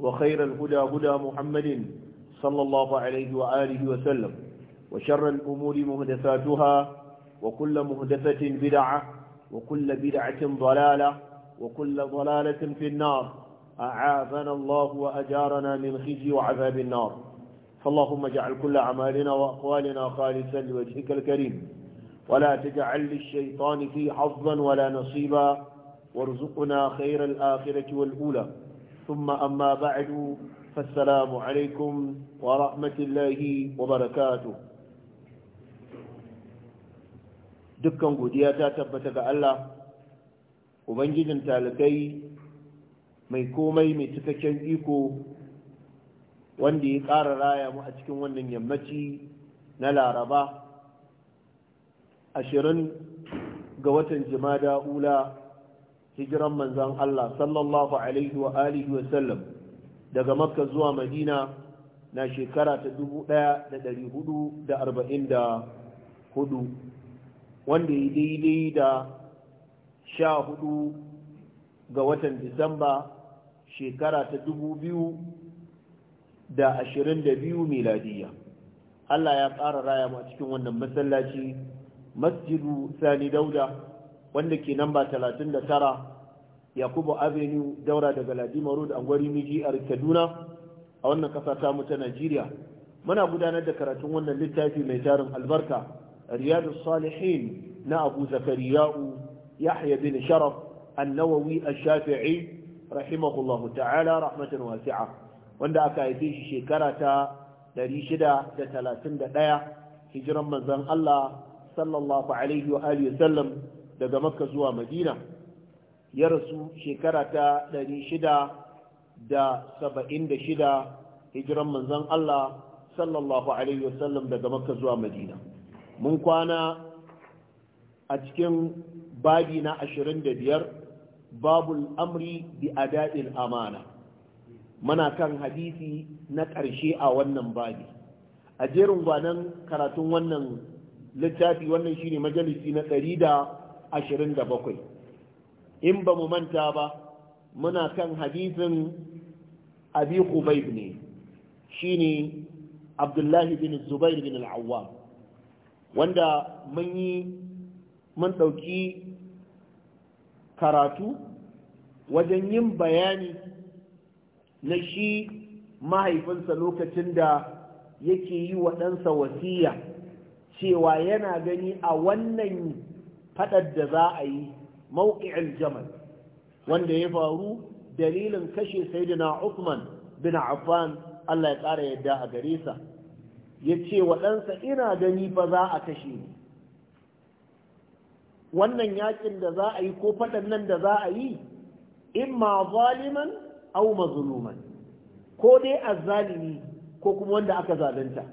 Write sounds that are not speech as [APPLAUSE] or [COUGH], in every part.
وخير الهدى هدى محمد صلى الله عليه وآله وسلم وشر الأمور مهدفاتها وكل مهدفة بدعة وكل بدعة ضلالة وكل ضلالة في النار أعاذنا الله وأجارنا من خزي وعذاب النار فاللهم اجعل كل أعمالنا وأقوالنا خالصا لوجهك الكريم ولا تجعل للشيطان في حظا ولا نصيبا وارزقنا خير الآخرة والأولى ثم أما بعد فالسلام عليكم ورحمة الله وبركاته dukkan godiya ta tabbata ga Allah Ubangijin talakai mai komai mai cikakken iko wanda ya ƙara raya mu a cikin wannan yammaci na laraba 20 ga watan jimada ula hijiran manzan Allah sallallahu alaihi wa alihi wa sallam daga makka zuwa madina na shekara ta 1444 wanda ya daidai da 14 ga watan disamba shekara ta 2022 miladiya Allah ya ƙara raya mu a cikin wannan masallaci masjidu sani dauda wanda ke namba 39 yakubu avenue daura daga ladima road angwari miji kaduna a wannan kasa ta mu ta najeriya muna gudanar da karatun wannan littafi mai tarin albarka riyadu salihin na abu zakariya'u yahya bin sharaf annawawi ash-shafi'i rahimahullahu ta'ala rahmatan wasi'a wanda aka haife shi shekara ta 631 hijiran manzon Allah sallallahu alaihi wa alihi sallam daga makka zuwa madina ya rasu shekara ta 676 hijiran manzon Allah sallallahu alaihi wasallam daga makka zuwa madina mun kwana a cikin babi na 25 babul amri bi ada'il amana muna kan hadisi na ƙarshe a wannan babi a jerin gwanan karatun wannan littafi wannan shine majalisi na ɗari da ashirin da bakwai in ba mu manta ba muna kan hadisin abi kubai ne shi ne abdullahi bin zubair bin al'awwa wanda mun yi mun ɗauki karatu wajen yin bayani na shi mahaifinsa lokacin da yake yi waɗansa ɗansa wasiya cewa yana gani a wannan fadar da za a yi mawqi'il jamal wanda ya faru dalilin kashe sayyidina Uthman bin Affan Allah ya ƙara yadda a gare sa yace wa ɗansa ina gani fa za a kashe ni wannan yakin da za a yi ko fadan nan da za a yi imma zaliman aw mazluman ko dai azzalimi ko kuma wanda aka zalunta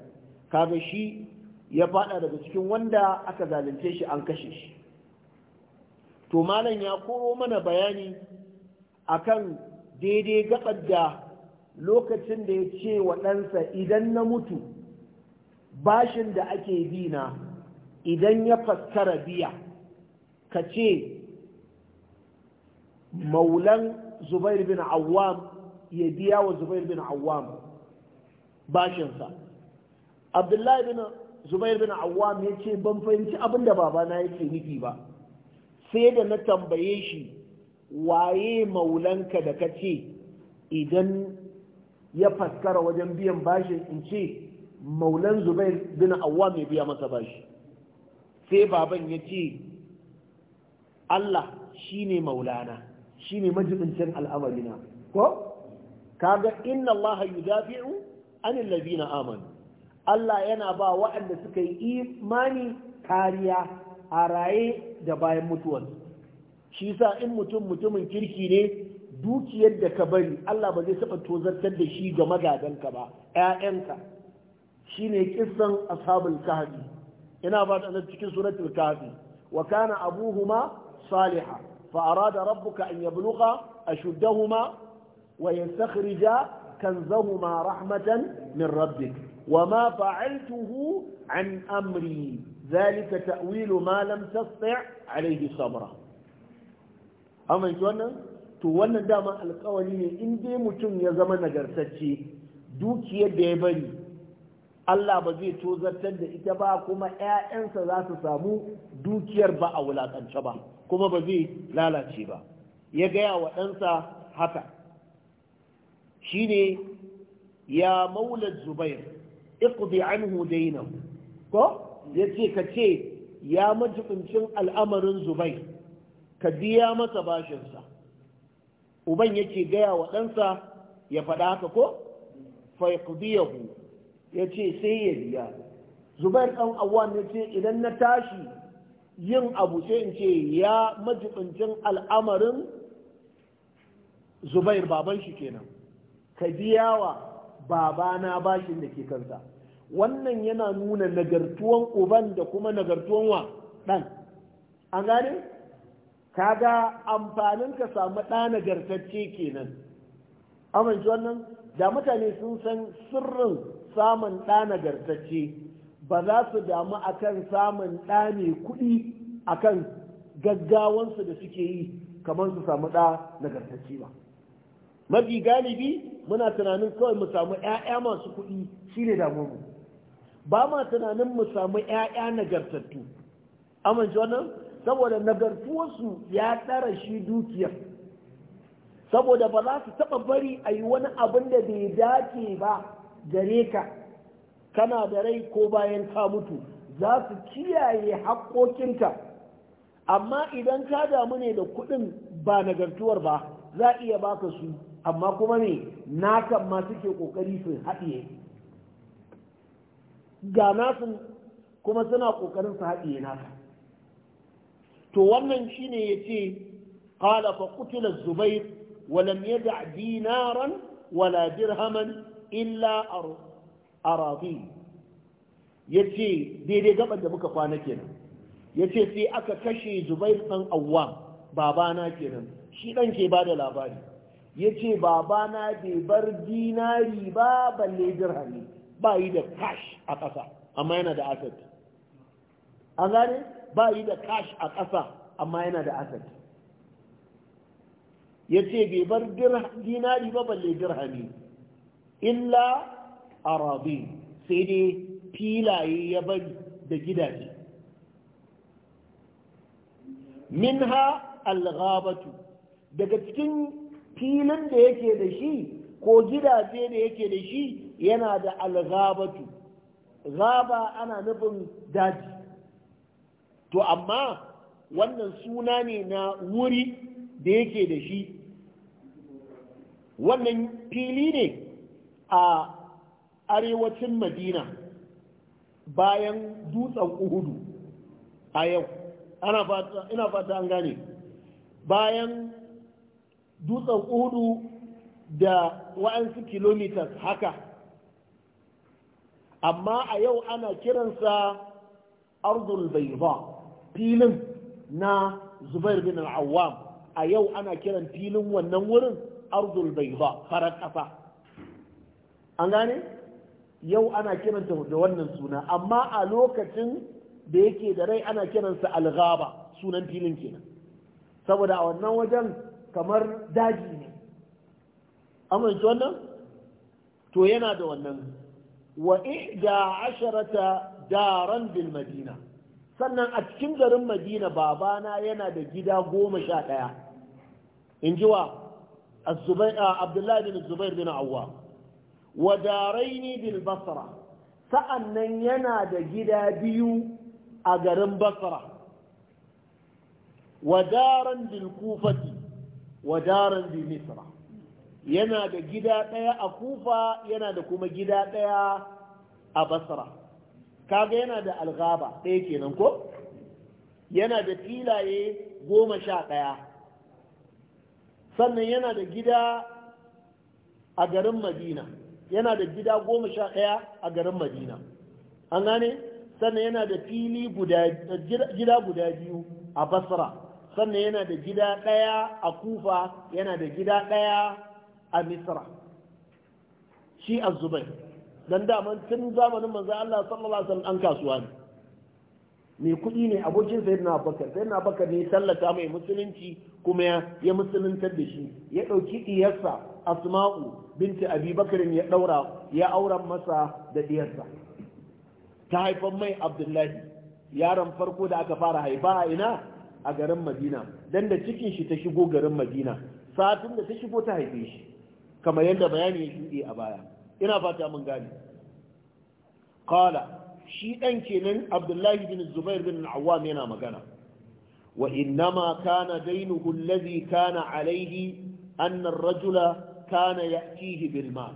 kaga shi ya fada daga cikin wanda aka zalunce shi an kashe shi to malam ya koro mana bayani akan daidai gabar da lokacin da ya ce wa ɗansa idan na mutu bashin da ake bina idan ya fassara biya ka ce maulan zubair bin awwam ya biya wa zubair bin awwam bashinsa abdullahi bin zubair bin awwam ya ce ban fahimci abin da babana yake nufi ba sai da na tambaye shi waye maulanka da ka ce idan ya faskara wajen biyan bashin in ce maulan zubair bin awwa mai biya masa bashi sai baban ya ce Allah shi ne maulana shi ne majibincin al'amarina ko? kaga inna Allah yudafi'u anil ladina Aman. Allah yana ba waɗanda suka yi imani kariya a raye da bayan mutuwan. shi sa in mutum mutumin kirki ne dukiyar da ka bari Allah ba zai taɓa tozartar da shi ga magadanka ba ƴaƴanka shine kissan ashabul kahfi ina ba da cikin suratul kahfi wa kana abuhuma salihah fa arada rabbuka an yablugha ashuddahuma wa yastakhrija kanzahuma rahmatan min rabbik wa ma fa'altuhu an amri zalika ta'wilu ma lam tasti' alayhi sabra amma shi wannan to wannan dama alƙawari ne in dai mutum ya zama nagartacce dukiyar da ya bari Allah ba zai tozartar da ita ba kuma ‘ya'yansa za su samu dukiyar ba a wulaƙance ba kuma ba zai lalace ba ya gaya wa ɗansa haka shi ne ya maula zubair iqdi anhu dainahu ko ya ce ka ce ya majibincin al'amarin zubai ka biya masa bashinsa uban yake gaya wa ɗansa ya faɗa haka ko faikubiyahu ya ce sai ya biya zubair ɗan awan ya ce idan na tashi yin abu sai in ce ya majibincin al'amarin zubair baban shi kenan ka biya wa babana bashin da ke kansa wannan yana nuna nagartuwan uban da kuma nagartuwan wa ɗan an gane kaga amfanin ka samu ɗa nagartacce kenan amince wannan da mutane sun san sirrin samun ɗa nagartacce ba za su damu akan samun ɗa mai kuɗi akan gaggawansu da suke yi kamar su samu ɗa nagartacce ba mafi galibi muna tunanin kawai mu samu 'ya'ya masu kuɗi shi ne damuwa ba ma tunanin mu samu 'ya'ya nagartattu amince wannan saboda nagartuwarsu ya tsara shi dukiyar saboda ba za su taɓa bari a yi wani abin da bai dace ba gare ka kana da rai ko bayan ka mutu za su kiyaye haƙoƙinka amma idan ka damu ne da kuɗin ba nagartuwar ba za a iya baka su amma kuma ne kan ma suke ƙoƙari su haɗiye ga nasu kuma suna ƙoƙarin su haɗe nasa to wannan shine ya ce ƙala fa kutula zubair walam yada dinaran wala dirhaman illa arabi ya ce daidai gaban da muka kwana kenan ya ce sai aka kashe zubair ɗan awwa babana kenan shi ɗan ke ba da labari ya ce babana bai bar dinari ba balle dirhami ba yi da cash a ƙasa amma yana da asset an gane ba yi da cash a ƙasa amma yana da asset ya ce bai bar dinari ba balle dirhami illa arabi sai dai filaye ya bari da gidaje minha alghabatu daga cikin filin da yake da shi ko gidaje da yake da shi yana da alghabatu gaba ana nufin daji to amma wannan suna ne na wuri da yake da shi wannan fili ne a arewacin madina bayan dutsen uhudu a yau ina fata an gane bayan dutsen uhudu da wa'ansu kilomitas haka amma a yau ana kiransa ardul bayda filin na zubair bin al a yau ana kiran filin wannan wurin ardul bayda farar ƙasa an gane yau ana kiranta da wannan suna amma a lokacin da yake da rai ana kiransa al-ghaba sunan filin kenan saboda a wannan wajen kamar daji ne amince wannan to yana da wannan wa ihda asharata daran bil sannan a cikin garin madina babana yana da gida goma sha ɗaya in ji wa abdullahi bin zubair bin awwa wa daraini bil basra sa'annan yana da gida biyu a garin basra wa daran wadaran kufati yana da gida ɗaya a kufa yana da kuma gida ɗaya a basra kaga yana da algaba ɗaya kenan ko yana da filaye goma sha ɗaya sannan yana da gida a garin madina yana da gida goma sha ɗaya a garin madina an gane sannan yana da fili gida guda biyu a basra sannan yana da gida ɗaya a kufa yana da gida ɗaya a misra shi a zubai don daman tun zamanin manzan Allah sallallahu alaihi an kasuwa ne mai kuɗi ne abokin sai na bakar sai na bakar ne tallata mai musulunci kuma ya musuluntar da shi ya ɗauki ɗiyarsa asma'u binti abi bakarin ya ɗaura ya auren masa da ɗiyarsa ta haifan mai abdullahi yaron farko da aka fara haifa a ina a garin madina dan da cikin shi ta shigo garin madina satin da ta shigo ta haife shi kamar yadda bayani ya shuɗe a baya ina fata mun gane qala shi ɗan kenan abdullahi bin zubair bin awwam yana magana wa innama kana dainuhu alladhi kana alayhi anna rajula kana ya'tihi bilma.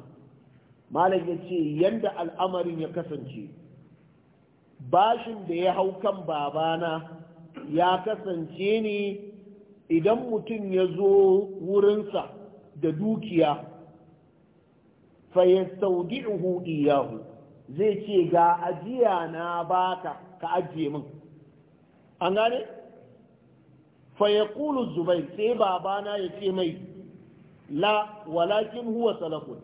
mal malam yace yanda al'amarin ya kasance bashin da ya hau kan babana ya kasance ne idan mutum ya zo wurinsa da dukiya fa yastawdi'uhu iyahu zai ce ga ajiya na baka ka ajiye min an gane fa yaqulu sai babana ya ce mai la walakin huwa salafun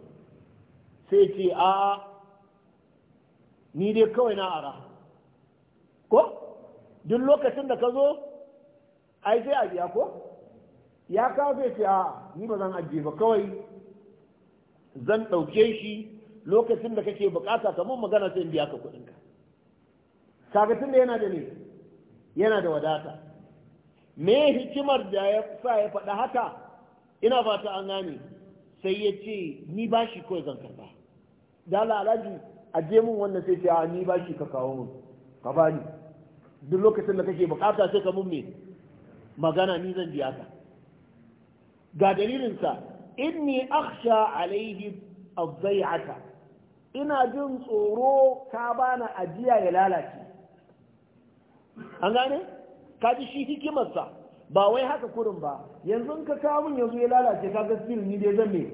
sai ce a ni dai kawai na ara ko duk lokacin da ka zo ai sai ajiya ko ya kawo sai ce a ni ba zan ajiye ba kawai zan ɗauke shi lokacin da kake bukata kamar magana sai in biya ka kuɗinka kaga tunda yana da ne yana da wadata me hikimar da ya sa ya faɗa haka ina ta an gane sai ya ce ni ba shi kawai zan karba dala alhaji a je mun wannan sai ce ni ba shi ka kawo mun ka bani duk lokacin da kake bukata sai ka mun me magana ni zan biya ka ga dalilinsa inni Aksha alaihi haka. ina jin tsoro ka bana ajiya ya lalace an gane ka ji shi hikimarsa ba wai haka kurin ba yanzu ka kamun yanzu ya lalace ka ga ni dai zan me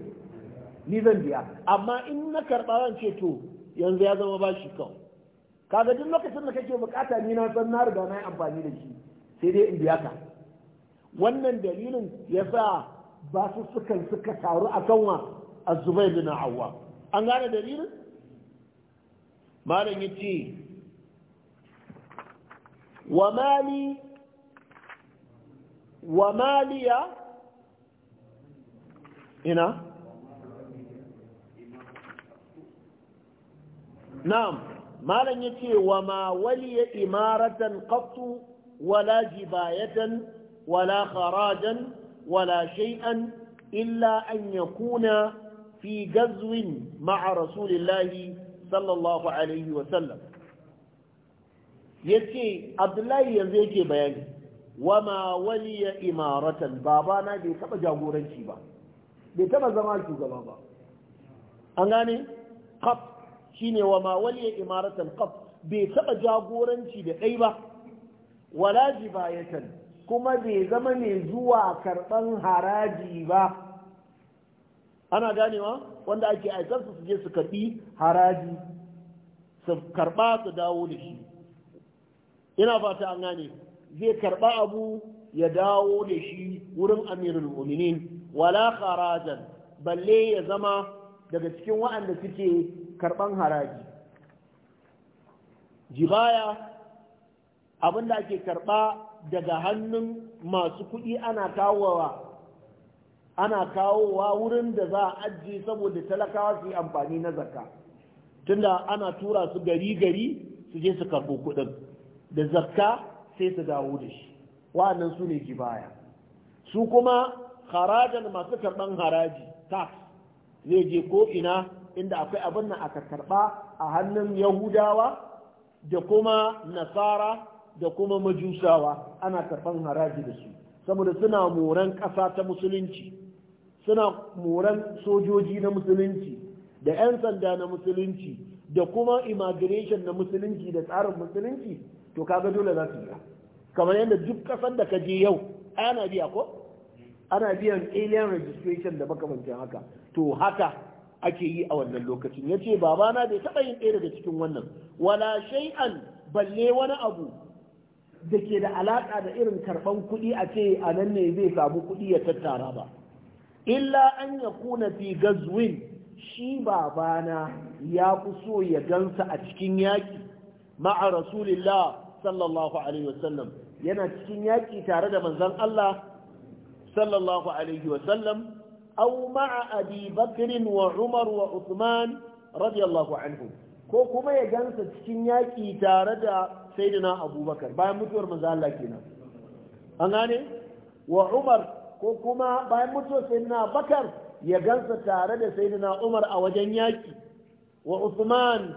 ni zan biya amma in na karɓa zan ce to yanzu ya zama bashi kawai kaga duk lokacin da kake bukata ni na san na riga na yi amfani da shi sai dai in biya ka wannan dalilin yasa ba su sukan suka taru a kanwa a zubai bin hawa an gane dalilin malam ya ce wa maliya ina na'am malam ya ce wa ma waliya imaratan qattu wala jibayatan wala kharajan ولا شيئا إلا أن يكون في gazwin مع رسول الله صلى الله عليه وسلم yace Abdullahi yanzu yake bayani wama waliya imaratan babana bai taba jagoranci ba bai taba zama shugaba ba an gane qaf shine wama waliya imaratan qaf bai taɓa jagoranci da dai ba wala kuma bai zama mai zuwa karɓan haraji ba ana ganewa wanda ake aikarsu su je su karɓi haraji su karɓa su dawo da shi ina fata an gane zai karɓa abu ya dawo da shi wurin amirul uminin wala harajan balle ya zama daga cikin waɗanda suke karɓan haraji jibaya abinda ake karɓa daga hannun masu kuɗi ana kawowa ana kawowa wurin da za a ajiye saboda talakawa su yi amfani na zakka tunda ana tura su gari gari su je su karɓo kuɗin da zakka sai su dawo da shi wa'annan su ne kibaya su kuma harajan masu karɓan haraji tax zai je ko ina inda akwai abin nan aka karɓa a hannun yahudawa da kuma nasara da kuma majusawa ana karɓan haraji da su saboda suna moran ƙasa ta musulunci suna moran sojoji na musulunci da 'yan sanda na musulunci da kuma immigration na musulunci da tsarin musulunci to kaga dole za su yi kamar yadda duk ƙasar da ka je yau ana biya ko ana biyan alien registration da makamancin haka to haka ake yi a wannan lokacin ya ce babana bai taɓa yin ɗaya daga cikin wannan wala shay'an balle wani abu da ke da alaƙa da irin karɓan kuɗi a ce a nan ne zai samu kuɗi ya tattara ba illa an ya kuna fi gazwin shi babana ya fi so ya gansa a cikin yaƙi ma'a rasulillah sallallahu alaihi wasallam yana cikin yaƙi tare da manzon Allah sallallahu alaihi wasallam au ma'a abi bakr wa umar wa uthman radiyallahu anhu ko kuma ya gansa cikin yaƙi tare da saidina abubakar bayan mutuwar manzo Allah kenan an gane wa umar ko kuma bayan mutuwar saidina bakar ya gansa tare da saidina umar a wajen yaƙi wa usman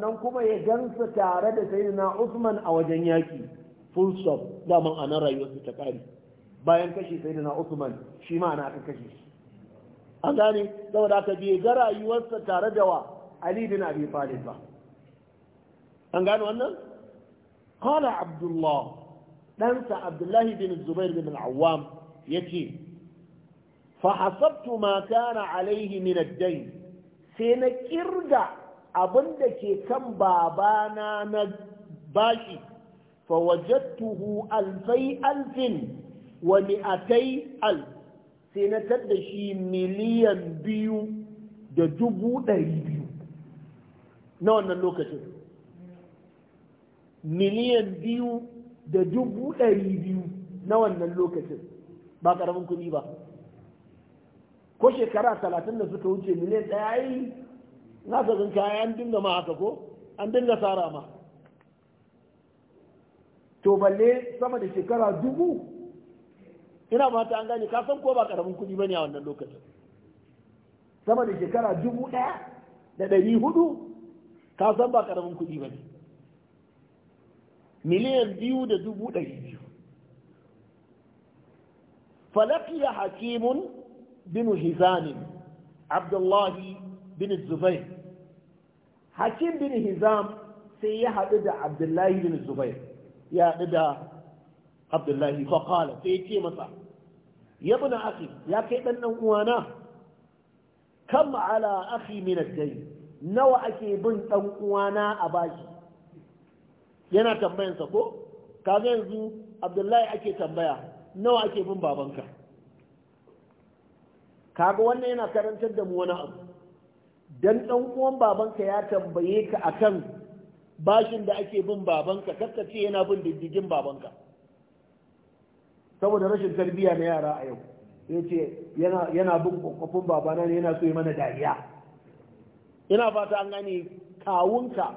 nan kuma ya gansa tare da saidina usman a wajen yaƙi full stop daman anan rayuwarsu ta ƙari. bayan kashe saidina usman shi ma ana aka kashe shi an gane saboda aka biye ga rayuwarsa tare da wa ali bin abi talib ba an gano wannan qala abdullah ɗansa abdullahi bin zubair bin al-awwam yace fa hasabtu ma kana alaihi min ad dai sai na kirga abin da ke kan babana na bashi fa tuhu alfai alfin wa mi'atai alf sai na tadda shi miliyan biyu da dubu ɗari biyu na wannan lokacin miliyan biyu da dubu ɗari biyu na wannan lokacin ba ƙaramin kuɗi ba ko shekara talatin da suka wuce miliyan ɗaya yi na ka zan kaya an dinga ma haka ko an dinga tsara ma to balle sama da shekara dubu ina mata an gane kasan ko ba ƙaramin kuɗi ba ne a wannan lokacin sama da shekara dubu ɗaya da ɗari hudu ka san ba karamin kuɗi ba ne miliyan biyu da dubu ɗari biyu falakiya hakimun bin hizamin abdullahi bin zubair hakim bin hizam sai ya haɗu da abdullahi bin zubair ya haɗu da abdullahi faƙala sai ya ce masa ya bi na ya kai ɗan uwana Kan ala akhi min dai. nawa ake bin ɗan uwana a bashi yana tambayansa ko kaga yanzu abdullahi ake tambaya nawa ake bin babanka kaga wannan yana karantar da mu wani abu dan ɗan uwan babanka ya tambaye ka akan bashin da ake bin babanka kakka ce yana bin diddigin babanka saboda rashin tarbiyya na yara a yau ya ce yana bin kwakwafin babana ne yana so yi mana dariya ina fata an gane kawunka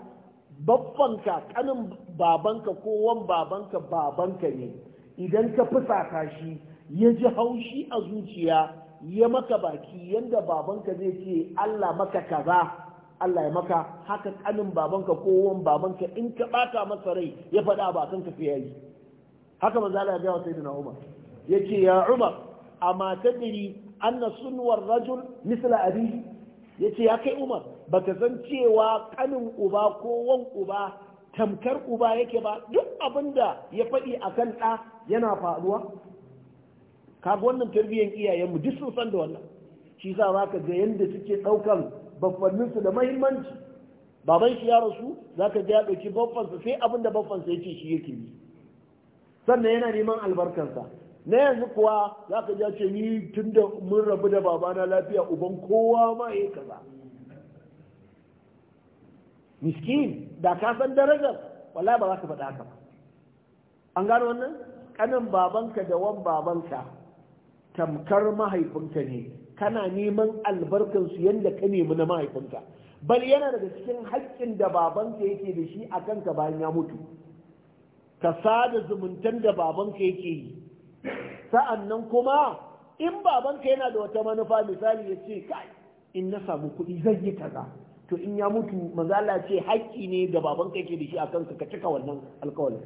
babbanka kanin babanka wan babanka babanka ne idan ka fusata shi ya ji haushi a zuciya ya maka baki yadda babanka zai ce Allah maka kaza Allah ya maka haka kanin babanka wan babanka in ka bata masa rai ya faɗa ba kan ka yi haka manzo Allah ya ga sayyidina Umar yace ya Umar amma tadri anna sunwar rajul misla abihi ya ce ya kai umar ba ka zan cewa kanin uba ko wan uba tamkar uba yake ba duk abin da ya faɗi a kan ɗa yana faruwa kaga wannan tarbiyyar iyayenmu duk sun san da wannan shi sa za ka ga yadda suke ɗaukan babbanninsu da mahimmanci baban shi ya rasu za ka ga ya ɗauki babbansa sai abin da babbansa ya ce shi yake yi sannan yana neman albarkansa na yanzu kuwa za ka ja ce ni tun da mun rabu da babana lafiya uban kowa ma ya kaza miskin da ka san darajar wala ba za ka faɗa haka ba an gano wannan kanin babanka da wan babanka tamkar mahaifinka ne kana neman albarkansu yadda ka nemi na mahaifinka bal yana daga cikin haƙƙin da babanka yake da shi a kanka bayan ya mutu ka sada zumuntan da babanka yake yi sa'annan kuma in babanka yana da wata manufa misali ya ce kai in na samu kuɗi zan yi kaza to in ya mutu mazala ce haƙƙi ne da babanka yake da shi a kanka ka cika wannan alkawalin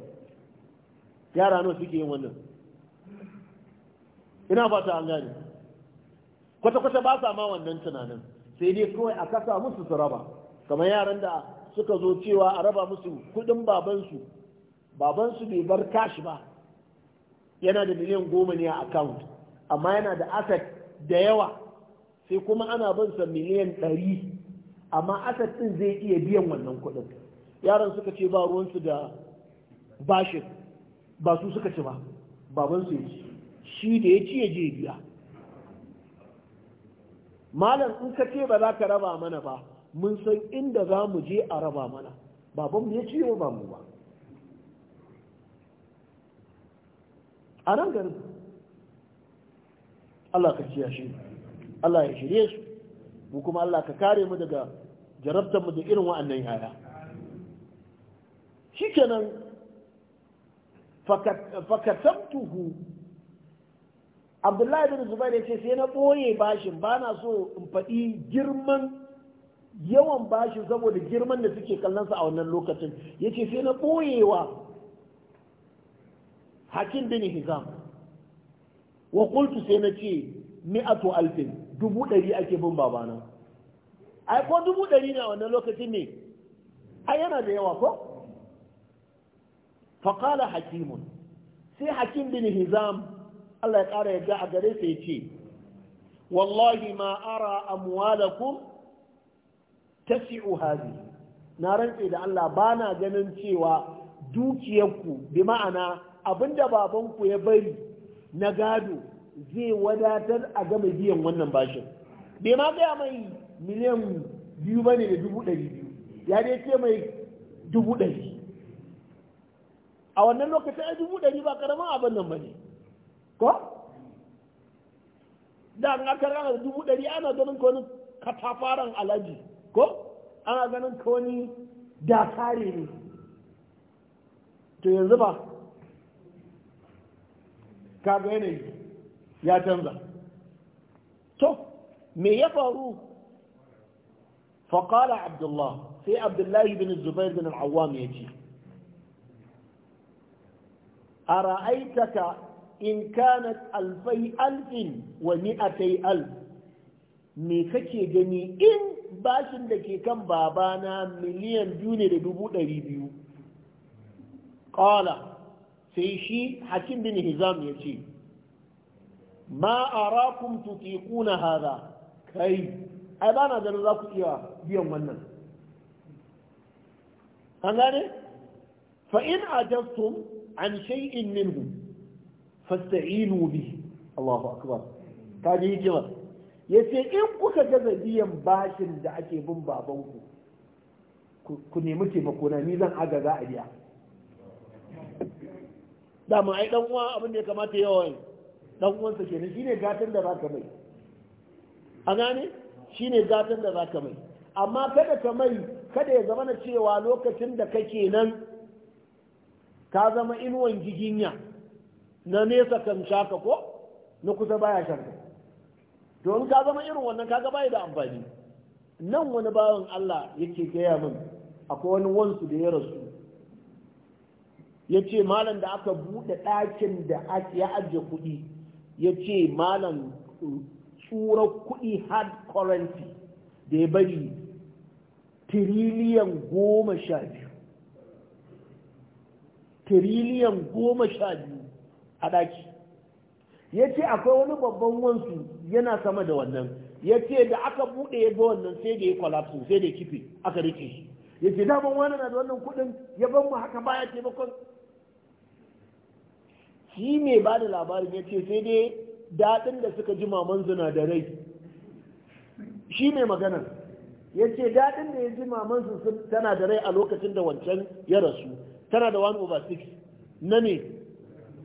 yara nawa suke yin wannan ina fata an gane kwata-kwata ba sa ma wannan tunanin sai dai kawai a kasa musu su raba kamar yaran da suka zo cewa a raba musu kuɗin babansu babansu bai bar kashi ba yana da miliyan goma ne a account amma yana da asset da yawa sai kuma ana bin sa miliyan ɗari amma asset ɗin zai iya biyan wannan kuɗin yaran suka ce ba ruwansu da bashin ba su suka ci ba baban ya ci shi da ya ci ya je biya malam in ka ce ba za ka raba mana ba mun san inda za mu je a raba mana baban mu ya ci yau ba mu ba a nan garin Allah ka ciya shi Allah ya shirye su mu kuma Allah ka kare mu daga jarabtar mu da irin wa'annan yaya kenan fakatabtuhu Abdullahi bin Zubair ya ce sai na ɓoye bashin ba na so in faɗi girman yawan bashin saboda girman da suke kallonsa a wannan lokacin ya ce sai na ɓoyewa hakim bin hizam wa qultu sai na ce mi'atu alfin dubu ɗari ake bin babana ai ko dubu ɗari ne a wannan lokacin ne ai yana da yawa ko faƙala hakimun sai hakim bin hizam Allah ya ƙara yadda a gare sai ce wallahi ma ara amwalakum tasi'u hadi na rantse da Allah ba na ganin cewa dukiyarku bi ma'ana abinda babanku ya bari na gado zai wadatar a gama biyan wannan bashin bai ma gaya mai miliyan biyu ba ne da dubu ɗari biyu ya dai ce mai dubu ɗari a wannan lokacin a dubu ɗari ba karamin abin nan ba ne ko da an aka rana dubu ɗari ana ganin ka wani katafaren alaji ko ana ganin ka wani dakare ne to yanzu ba kaga yanayi ya canza to me ya faru faƙala Abdullahi, sai abdullahi bin zubair bin al'awam ya ce a ra'aitaka in kanat alfai alfin wa mi'atai alf me kake gani in bashin da ke kan babana miliyan biyu ne da dubu ɗari biyu ƙala sai shi hakim bin hizam ya ce ma arakum tutiquna hadha kai ai ba na ganin za ku iya biyan wannan an gane fa in ajabtum an shay'in minhu fasta'inu bihi Allahu akbar ka ji Ya yace in kuka gaza biyan bashin da ake bin babanku ku nemi taimako na ni zan agaza a biya dama ai dan uwa abin da ya kamata yawan dan uwansa kenan shine gatan da zaka mai a gane shine gatan da zaka mai amma kada ka mai kada ya zama na cewa lokacin da kake nan ka zama inuwan giginya na nesa kan shaka ko na kusa baya shaka to in ka zama irin wannan kaga bai da amfani nan wani bawan Allah yake gaya min akwai wani wansu da ya rasu ya ce malam da aka buɗe ɗakin da ya ajiye kuɗi ya ce malam mm, tsura kuɗi hard currency da ya bari tiriliyan goma sha biyu tiriliyan goma sha biyu a ɗaki ya ce akwai wani babban wansu yana sama da wannan ya ce da aka buɗe ya ga wannan sai da ya kwalafsu sai da ya kife aka rike shi ya ce daman wani na da wannan kuɗin ya ban mu haka baya taimakon shi mai ba da labarin ya ce sai dai daɗin da suka ji maman zina da rai. shi mai magana ya ce daɗin da ya ji maman su tana da rai a lokacin da wancan ya rasu tana da 1 over 6 na ne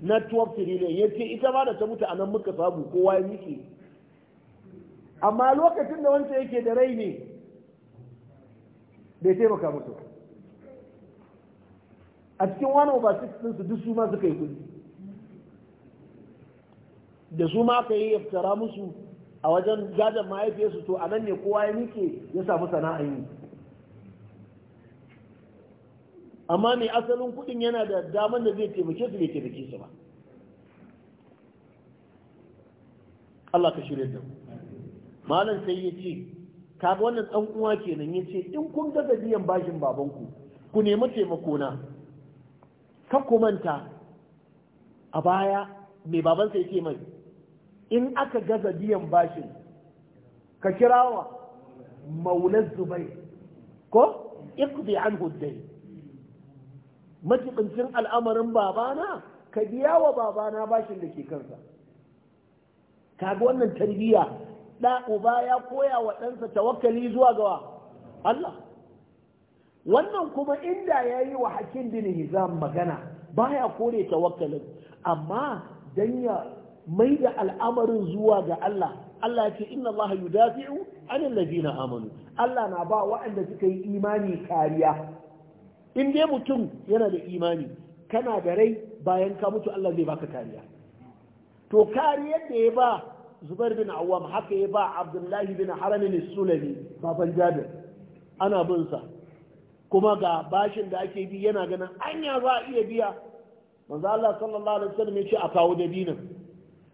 na 12 trillion ya ce ita ma da ta mutu a nan muka samu kowa ya nike amma lokacin da wancan yake da rai ne bai taimaka mutu a cikin 1 over 6 ɗinsu duk su ma suka yi kudi da su ma ka yi yaftara musu a wajen gajan mahaifiyarsu to a nan ne kowa ya nike ya samu sana'a amma mai asalin kudin yana da damar da zai taimake su bai taimake su ba Allah ka shirya da malam sai ya ce kaga wannan dan uwa kenan ya ce in kun gaza biyan bashin babanku ku nemi taimako ka ku manta a baya mai babansa ya ce mai in aka gaza biyan bashin ka kirawa maulan zubai ko iqdi anhu dai al'amarin babana ka biya wa babana bashin da ke kansa kaga wannan tarbiyya da uba ya koya wa ɗansa tawakkali zuwa gawa Allah wannan kuma inda ya yi wa hakkin din hizam magana baya kore tawakkalin amma dan ya mai da al'amarin zuwa ga Allah Allah ya ce inna Allah yudafi'u anil ladina amanu Allah na ba waɗanda suka yi imani kariya in dai mutum yana da imani kana da rai bayan ka mutu Allah zai baka kariya to kariyar da ya ba Zubair bin Awwam haka ya ba Abdullahi bin Haramin Sulami baban Jabir ana bin sa kuma ga bashin da ake bi yana ganin anya za a iya biya manzo Allah sallallahu alaihi wasallam ya ce a kawo dabinin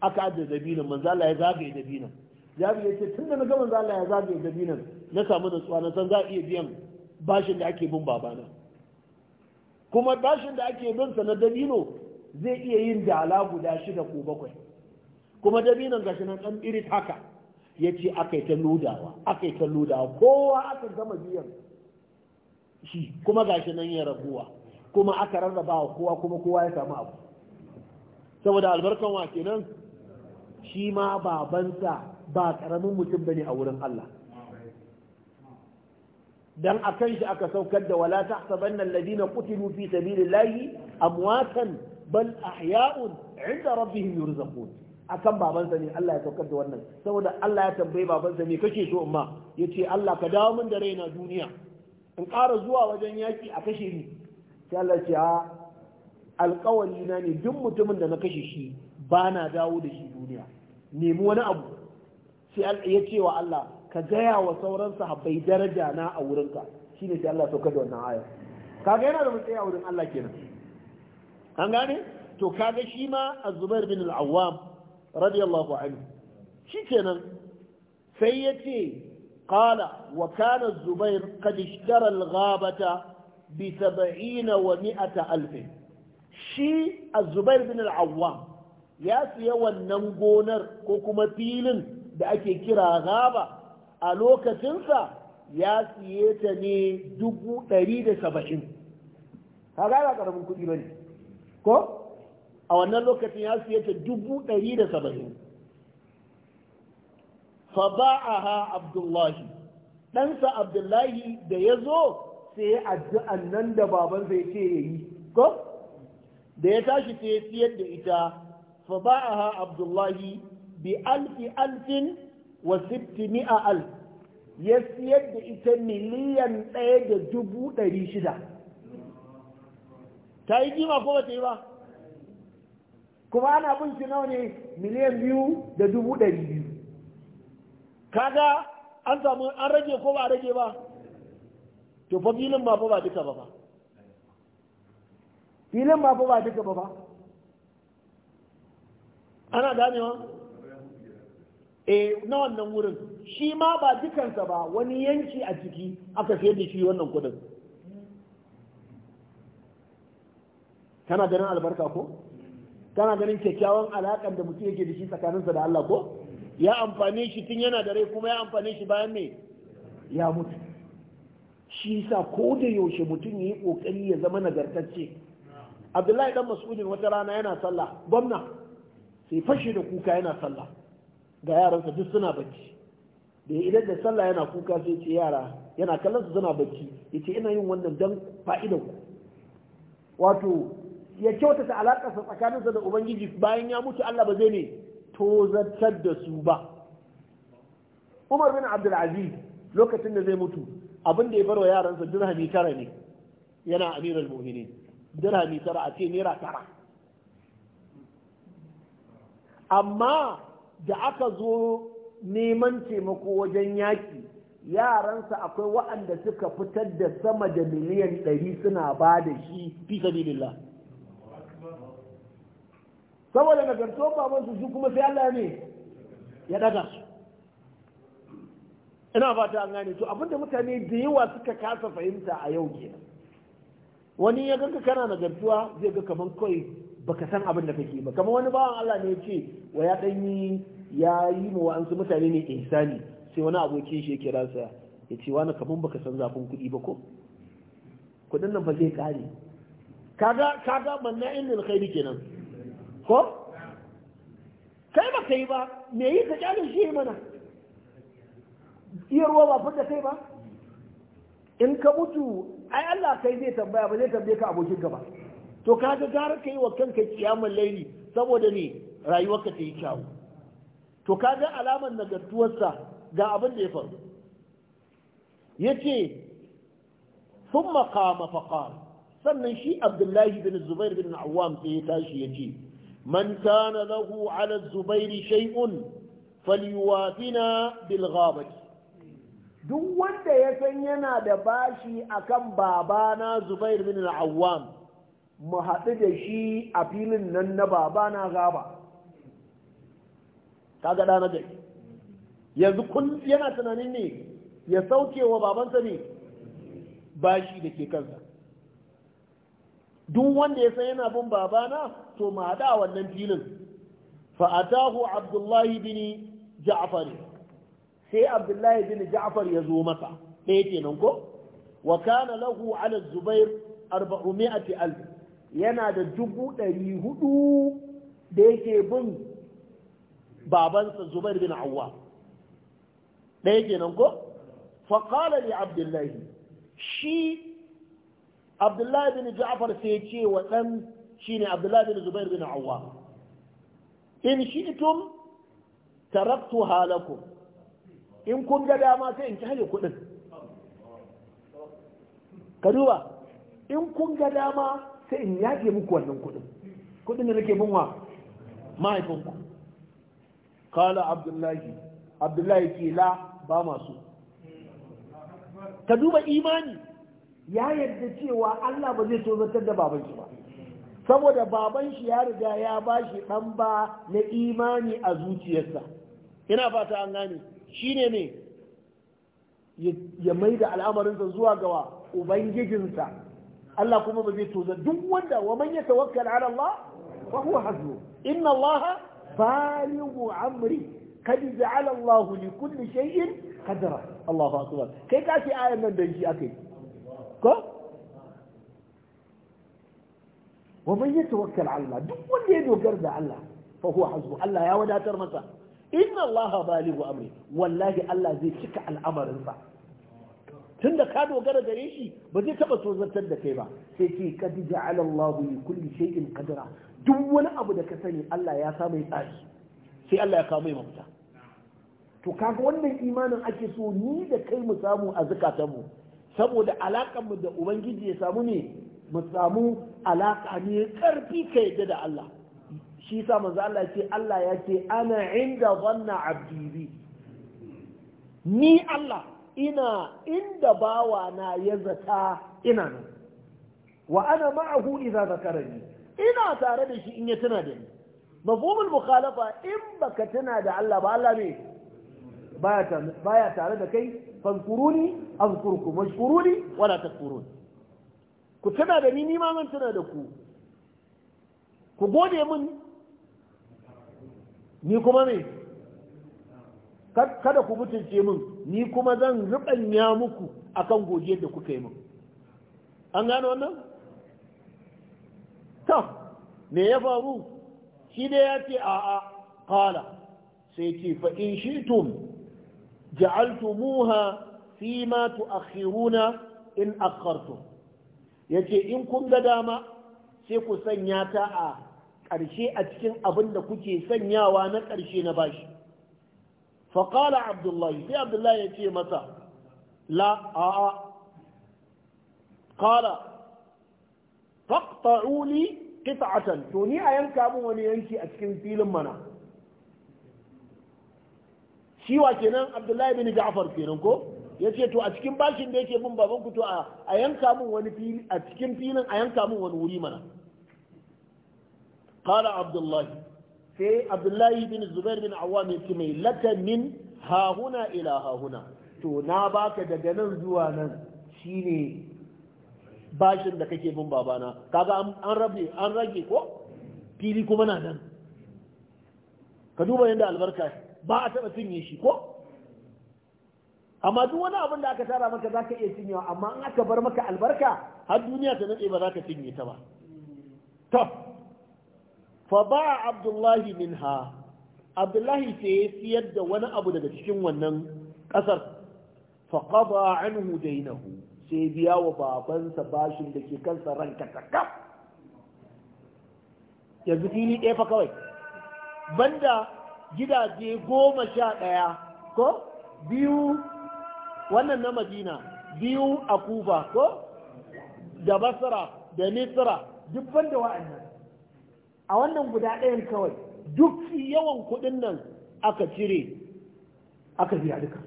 aka ajiye dabinin manzo Allah ya zagaye dabinin jabi ya ce tun da na ga manzo Allah ya zagaye dabinin na samu nutsuwa na san za a iya biyan bashin da ake bin babana kuma bashin da ake bin sa na dabino zai iya yin dala guda shida ko bakwai kuma dabinon gashi nan dan irit haka ya ce aka yi ta lodawa aka yi ta lodawa kowa aka gama biyan shi kuma gashi nan ya raguwa. kuma aka rarraba wa kowa kuma kowa ya samu abu saboda albarkan wa kenan shi ma babansa ba karamin mutum bane a wurin Allah dan akan shi aka saukar da wala tahsabanna alladhina qutilu fi sabilillahi amwatan bal ahya'un 'inda rabbihim yurzaqun akan babansa ne Allah ya saukar da wannan saboda Allah ya tambaye babansa me kake so Ya yace Allah ka dawo min da raina duniya in ƙara zuwa wajen yaki a kashe ni sai Allah ya ce alƙawari na ne duk mutumin da na kashe shi ba na dawo da shi duniya nemi wani abu sai ya ce wa Allah ka gaya wa sauran sahabbai daraja na a wurinka Shi shine sai Allah sauka da wannan aya kaga yana da matsayi a wurin Allah kenan an gane to kaga shi ma Az-Zubair bin Al-Awwam radiyallahu anhu shi kenan sai ya ce qala wa kana Az-Zubair qad ishtara al-ghabata bi 70 wa 100 alf shi Az-Zubair bin Al-Awwam ya siya wannan gonar ko kuma filin da ake kira gaba a lokacinsa ya siye ta ne dubu ɗari da saba'in kaga ba ƙaramin kuɗi ba ne ko a wannan lokacin ya siye ta dubu ɗari da saba'in fa ha abdullahi ɗansa abdullahi da ya zo sai ya addu'an nan da babansa ya ce ya yi ko da ya tashi sai ya siyar da ita فباعها عبد الله بألف ألف وستمائة ألف يسيد إتا مليان أيد جبو تريشدا تايجي ما فوق تيبا كما أنا أقول سنوني مليان بيو دا جبو تريشدا كذا أنت أن رجي كوبا رجي با to fa filin ba fa ba duka ba fa filin ما فوق ba duka ba ana ganewa e na wannan wurin shi ma ba dukansa ba wani yanki a ciki aka sayar da shi wannan kudin kana ganin albarka ko kana ganin kyakkyawan alaƙar da mutum yake da shi tsakaninsa da Allah ko ya amfane shi tun yana da rai kuma ya amfane shi bayan mai ya mutu shi sa ko da yaushe mutum ya yi ƙoƙari ya zama nagartacce abdullahi dan mas'udin wata rana yana sallah gwamna sai fashe da kuka yana sallah ga yaransa duk suna bacci da idan da sallah yana kuka sai ce yara yana kallon su suna bacci yace ina yin wannan dan fa'idar ku wato ya kyautata tsakanin tsakaninsa da ubangiji bayan ya mutu Allah ba zai ne tozartar da su ba Umar bin aziz lokacin da zai mutu abin da ya bar wa yaransa dirhami tara ne yana amirul mu'minin dirhami tara a ce naira tara amma da aka zo neman taimako wajen yaƙi yaransa akwai waɗanda suka fitar da sama da miliyan ɗari suna ba da shi fi sabilillah saboda nagarto babansu su kuma sai Allah ne ya daga su ina fata an gane to abinda mutane da yawa suka kasa fahimta a yau ke wani ya ganka kana nagartuwa zai ga kaman kawai baka san abin da kake ba kamar wani bawan Allah ne ya ce wa ya dan yi ya yi ma wa'ansu mutane ne ihsani sai wani abokin shi ya kira sa ya ce wani kaman baka san zafin kuɗi ba ko kuɗin nan ba zai kare kaga kaga manna innal khairi kenan ko kai ba kai ba me yi ka kyalin shi mana iya ruwa ba da kai ba in ka mutu ai Allah kai zai tambaya ba zai tambaye ka abokin ka ba to kaga gara yi wa kanka kiyamun laili saboda ne rayuwarka ta yi kyawu to kaga alamar nagartuwarsa ga abin da ya faru Ya ce sun fa qala sannan shi Abdullahi bin Zubair bin Awwam sai ya tashi yace man kana lahu ala Zubair shay'un falyuwafina bil ghabati duk wanda ya san yana da bashi akan babana Zubair bin Awwam mu haɗu da shi a filin nan na baba na gaba kaga na gari yanzu kun yana tunanin ne ya sauke wa babansa ne bashi da ke kansa duk wanda ya san yana bin babana to mu haɗu a wannan filin fa'atahu abdullahi bin ja'far sai abdullahi bin ja'far ya zo masa ɗaya kenan ko wa kana lahu ala zubair 400 alf yana da dubu ɗari hudu da yake bin babansa zubar bin awwa ɗaya nan ko faƙala ne abdullahi shi abdullahi bin ja'afar sai ce wa ɗan shi ne abdullahi bin zubar bin awwa in shi itum taraktu halakun in kun ga dama sai in kyale kuɗin ka duba in kun ga dama sai in yaƙe muku wannan kuɗin kuɗin da nake binwa mahaifinku kala abdullahi abdullahi ke la ba masu ka duba imani ya yarda cewa Allah ba zai tozartar da baban shi ba saboda baban shi ya riga ya ba shi ɗan ba na imani a zuciyarsa ina fata an gane shi ne ne ya mai da al'amarinsa zuwa gawa ubangijinsa Allah kuma ba zai tozar duk wanda wa man yatawakkal ala Allah fa huwa hasbu inna Allah balighu amri kad ja'ala Allah li kulli shay'in qadra Allahu akbar kai ka ce ayan nan da shi akai ko wa man yatawakkal ala Allah duk wanda ya dogara da Allah fa huwa hasbu Allah ya wadatar masa inna Allah balighu amri wallahi Allah zai cika al'amarin sa tun da ka dogara gare shi ba zai taɓa tozartar da kai ba sai ce kad ja'ala Allah li kulli shay'in qadra duk wani abu da ka sani Allah ya sa mai tsari sai Allah ya kawo mai mafita to kaga wannan imanin ake so ni da kai mu samu a zakatanmu saboda alakan mu da ubangiji ya samu ne mu samu alaka ne karfi ka yadda da Allah shi yasa manzo Allah ce Allah ya ce ana inda zanna abdi ni Allah ina inda bawa na ya zata ina nan wa ana ma'ahu idza zakarani ina tare da shi in ya tuna da ni mafhumul mukhalafa in baka tuna da Allah ba Allah ne baya tare da kai fankuruni azkurku mashkuruni wala takfurun ku tuna da ni ni ma zan tuna da ku ku gode min ni kuma me kada ku mutunce min ni kuma zan ruɓanya muku akan godiyar da kuka yi min an gano wannan? ta me ya faru shi dai ya ce a'a kala sai ce fa'in shi tun ja'altumuha fi ma tu'akhiruna in Ya yace in kun ga dama sai ku sanya ta a ƙarshe a cikin abin da kuke sanyawa na ƙarshe na bashi faƙala abdullahi sai abdullahi ya ce masa la a'a ƙala faƙta'uli ƙita'atan to ni a yanka min wani yanki a cikin filin mana shiwa kenan abdullahi bin ja'far kenan ko ya ce to a cikin bashin da yake bin baban ku to a yanka min wani fili a cikin filin a yanka min wani wuri mana ƙala abdullahi sai abdullahi bin zubair bin awam ya mai laka min hahuna ila hahuna to na baka daga nan zuwa nan shine bashin da kake bin babana kaga an rabe an rage ko fili kuma na nan ka duba yadda albarka ba a taɓa cinye shi ko amma duk wani abin da aka tara maka zaka iya cinyewa amma in aka bar maka albarka har duniya ta nade ba za ka cinye ta ba to fa ba abdullahi minha abdullahi sai ya siyar da wani abu daga cikin wannan ƙasar fa qada anhu dainahu sai biya wa babansa bashin da ke kansa ranka takaf yanzu fili ɗaya fa kawai banda gidaje goma sha ɗaya ko biyu wannan na madina biyu a kufa ko da basra da Nisra, duk banda wa'annan a wannan guda ɗayan kawai duk yawan kuɗin nan aka cire aka biya duka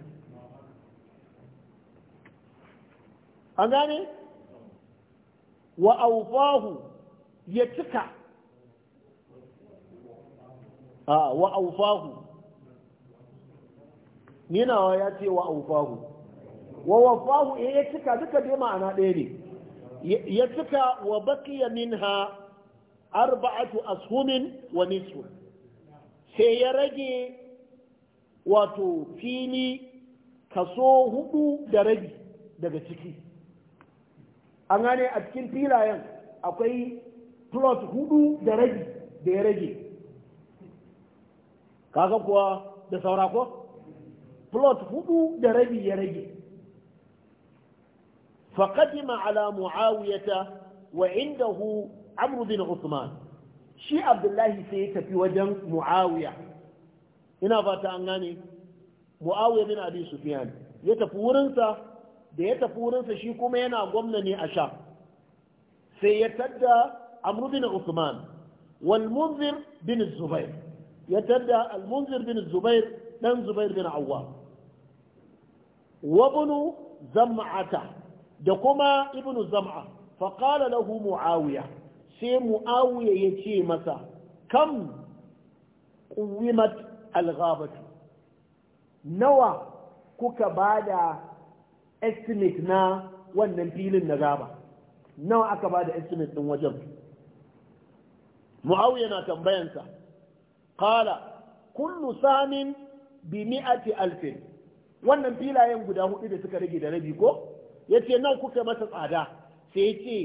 an gane wa aufahu ya cika wa aufahu ninawa ya ce wa aufahu wa wafahu eh, ya cika duka dai ma'ana ɗaya ne ya cika wa bakiya ha arba'atu ashumin wa nisfu sai ya rage wato fili kaso hudu da rabi daga ciki an gane a cikin filayen akwai plot hudu da rabi da ya rage kaga kuwa da saura ko plot hudu da rabi ya rage فقدم wa inda وعنده amru bin usman shi abdullahi sai ya tafi wajen muawiya ina fata an gane muawiya bin abi sufyan ya tafi wurinsa da ya tafi wurinsa shi kuma yana gwamna ne a sha sai ya tadda amru bin usman wal munzir bin zubair ya tadda al munzir bin zubair dan zubair bin awwa wa bunu zam'ata da kuma ibnu zam'a فقال له معاوية sai mu'awiya ya ce masa kam ƙuwimat algabatu nawa kuka ba da estimate na wannan filin na gaba nawa aka ba da estimate ɗin wajen mu'awiya na tambayansa kala kullu samin bi mi'ati alfin wannan filayen guda hudu da suka rage da rabi ko ya ce nan kuka masa tsada sai ya ce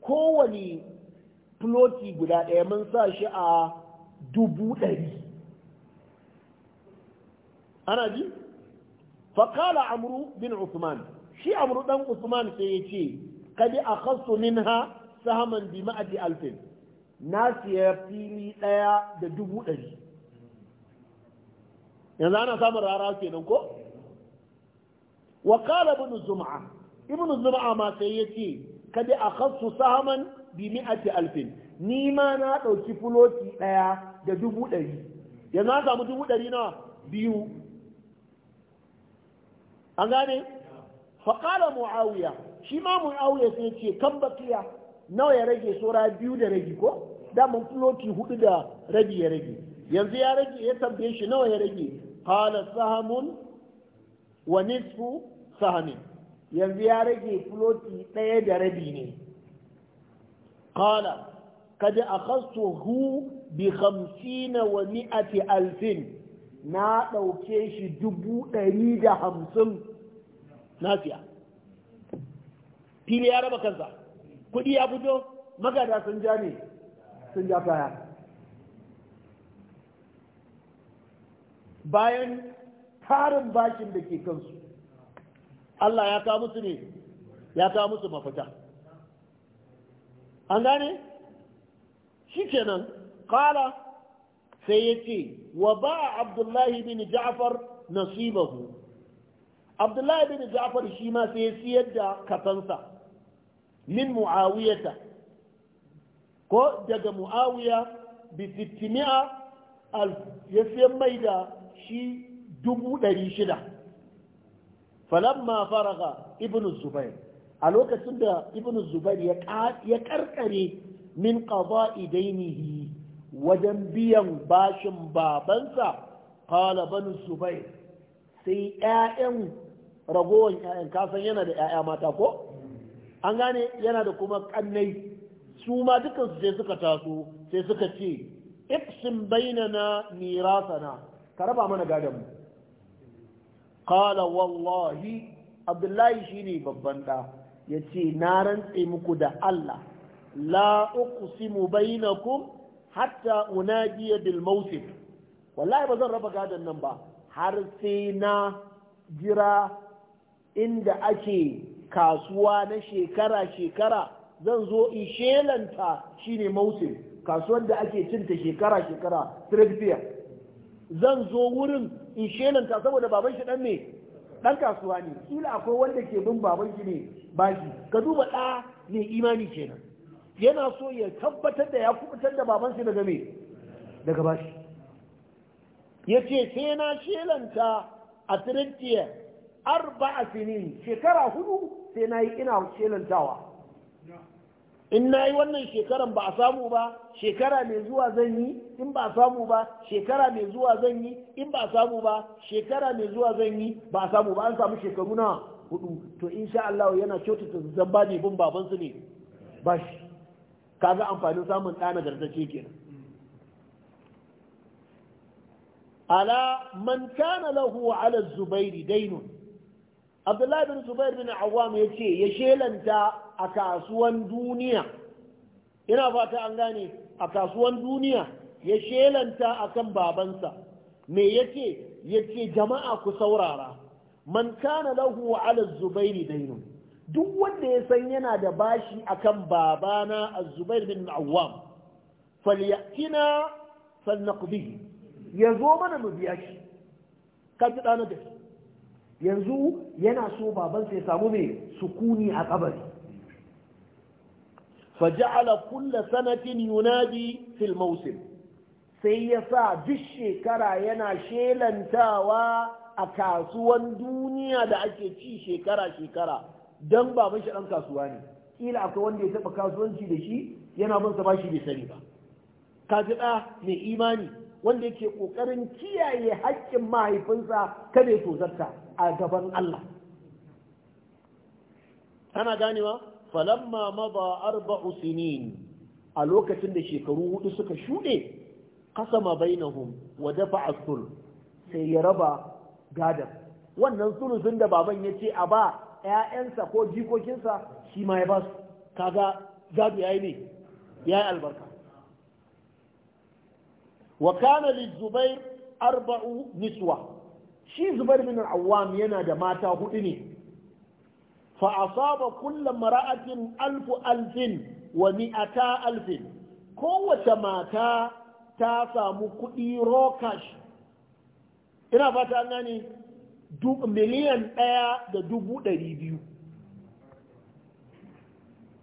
kowane ploti guda ɗaya mun sa shi a dubu ɗari ana ji fakala amru bin usman shi amru ɗan usman sai ya ce kadi a kasu minha sahaman bi ma'adi alfin na siya fili ɗaya da dubu ɗari yanzu ana samun rara kenan ko wakala bin Zuma'a. zum'a ibn zum'a ma sai ya ce kadi a kasu sahaman bi mi'ati alfin ni ma na ɗauki fuloti ɗaya da dubu ɗari yanzu an samu dubu ɗari na biyu an gane faƙala mu'awiya shi ma mu'awiya sai ce kan bakiya nawa ya rage saura biyu da rage ko mun fuloti hudu da rage ya rage yanzu ya rage ya tambaye shi nawa ya rage qala sahamun wa nisfu sahamin yanzu ya rage fuloti ɗaya da rabi ne qala kad akhadtuhu bi 50 wa 100 alfin na ɗauke shi dubu ɗari da hamsin na siya fili ya raba kansa kuɗi ya fito magada sun ja ne sun ja kaya bayan tarin bashin da ke kansu Allah ya kawo musu ne ya kawo musu mafita an gane shi kenan kala sai ya ce wa ba abdullahi bin ja'far nasibahu abdullahi bin ja'far shi ma sai ya siyar da katansa min mu'awiyata ko daga mu'awiya bi 600 ya siyan mai da shi dubu ɗari shida falamma faraga ibn zubair a lokacin da ibn zubair ya karkare min qada'i dainihi wajen biyan bashin babansa qala banu zubair sai ƴaƴan ragowan ƴaƴan kasan yana da 'ya'ya mata ko an gane yana da kuma kannai su ma dukan su sai suka taso sai suka ce iqsim bainana mirasana ka raba mana gadon mu qala wallahi abdullahi shine babban da ya ce na rantse muku da Allah la uqsimu bainakum hatta unajiya bil mawsif wallahi ba zan raba gadon nan ba har sai na jira inda ake kasuwa na shekara-shekara zan zo in shelanta shine mausim kasuwar da ake cinta shekara-shekara trade zan zo wurin in shelanta saboda baban shi dan ne Ɗan kasuwa ne kila akwai wanda ke bin baban shi ne baki. ka duba ɗa ne imani kenan yana so ya tabbatar da ya kubutar da baban shi daga me daga bashi ya ce sai na shelanta a tirintiyar a sinin shekara hudu sai na yi ina shelantawa in na yi wannan shekaran ba a samu ba shekara mai zuwa zan yi in ba a samu ba shekara mai zuwa zan yi in ba a samu ba shekara mai zuwa zan yi ba a samu ba an samu shekaru na hudu to insha Allah yana kyautata zamba ne bin su ne ba shi kaga amfanin samun ɗa na garzace kenan ala man kana lahu ala zubairi dainun abdullahi bin zubair bin awam ya ce ya shelanta a kasuwan duniya ina fata an gane a kasuwan duniya ya shelanta akan babansa me yake yace jama'a ku saurara man kana lahu ala zubairi dainu. duk wanda ya san yana da bashi akan babana az-zubair bin awam falyatina falnaqdi yazo mana mu biya shi ka ji dana da shi yanzu yana so babansa ya samu mai sukuni a kabari faja'ala kulla sanatin yunadi fil mawsim sai ya sa duk shekara yana shelantawa a kasuwan duniya da ake ci shekara-shekara don baban shi dan kasuwa ne kila akwai wanda ya taɓa kasuwanci da shi yana bin sa bashi bai sani ba ka fi mai imani wanda yake ƙoƙarin kiyaye haƙƙin mahaifinsa kada ya tozarta a gaban Allah ana ganewa falamma ba arba'u sinin a lokacin da shekaru hudu suka shuɗe kasama bainahum wa dafa'a sul sai ya raba gadar. wannan sulutun da baban ya ce a ba ƴaƴansa ko jikokinsa shi ma ya ba su kaga gado yayi ne yayi albarka wa kana li zubair arba'u niswa shi zubair bin al-awwam yana da mata hudu ne fa asaba kullu mara'atin alfu alfin wa mi'ata alfin kowace mata ta samu kuɗi rokash ina fata an gane miliyan ɗaya da dubu ɗari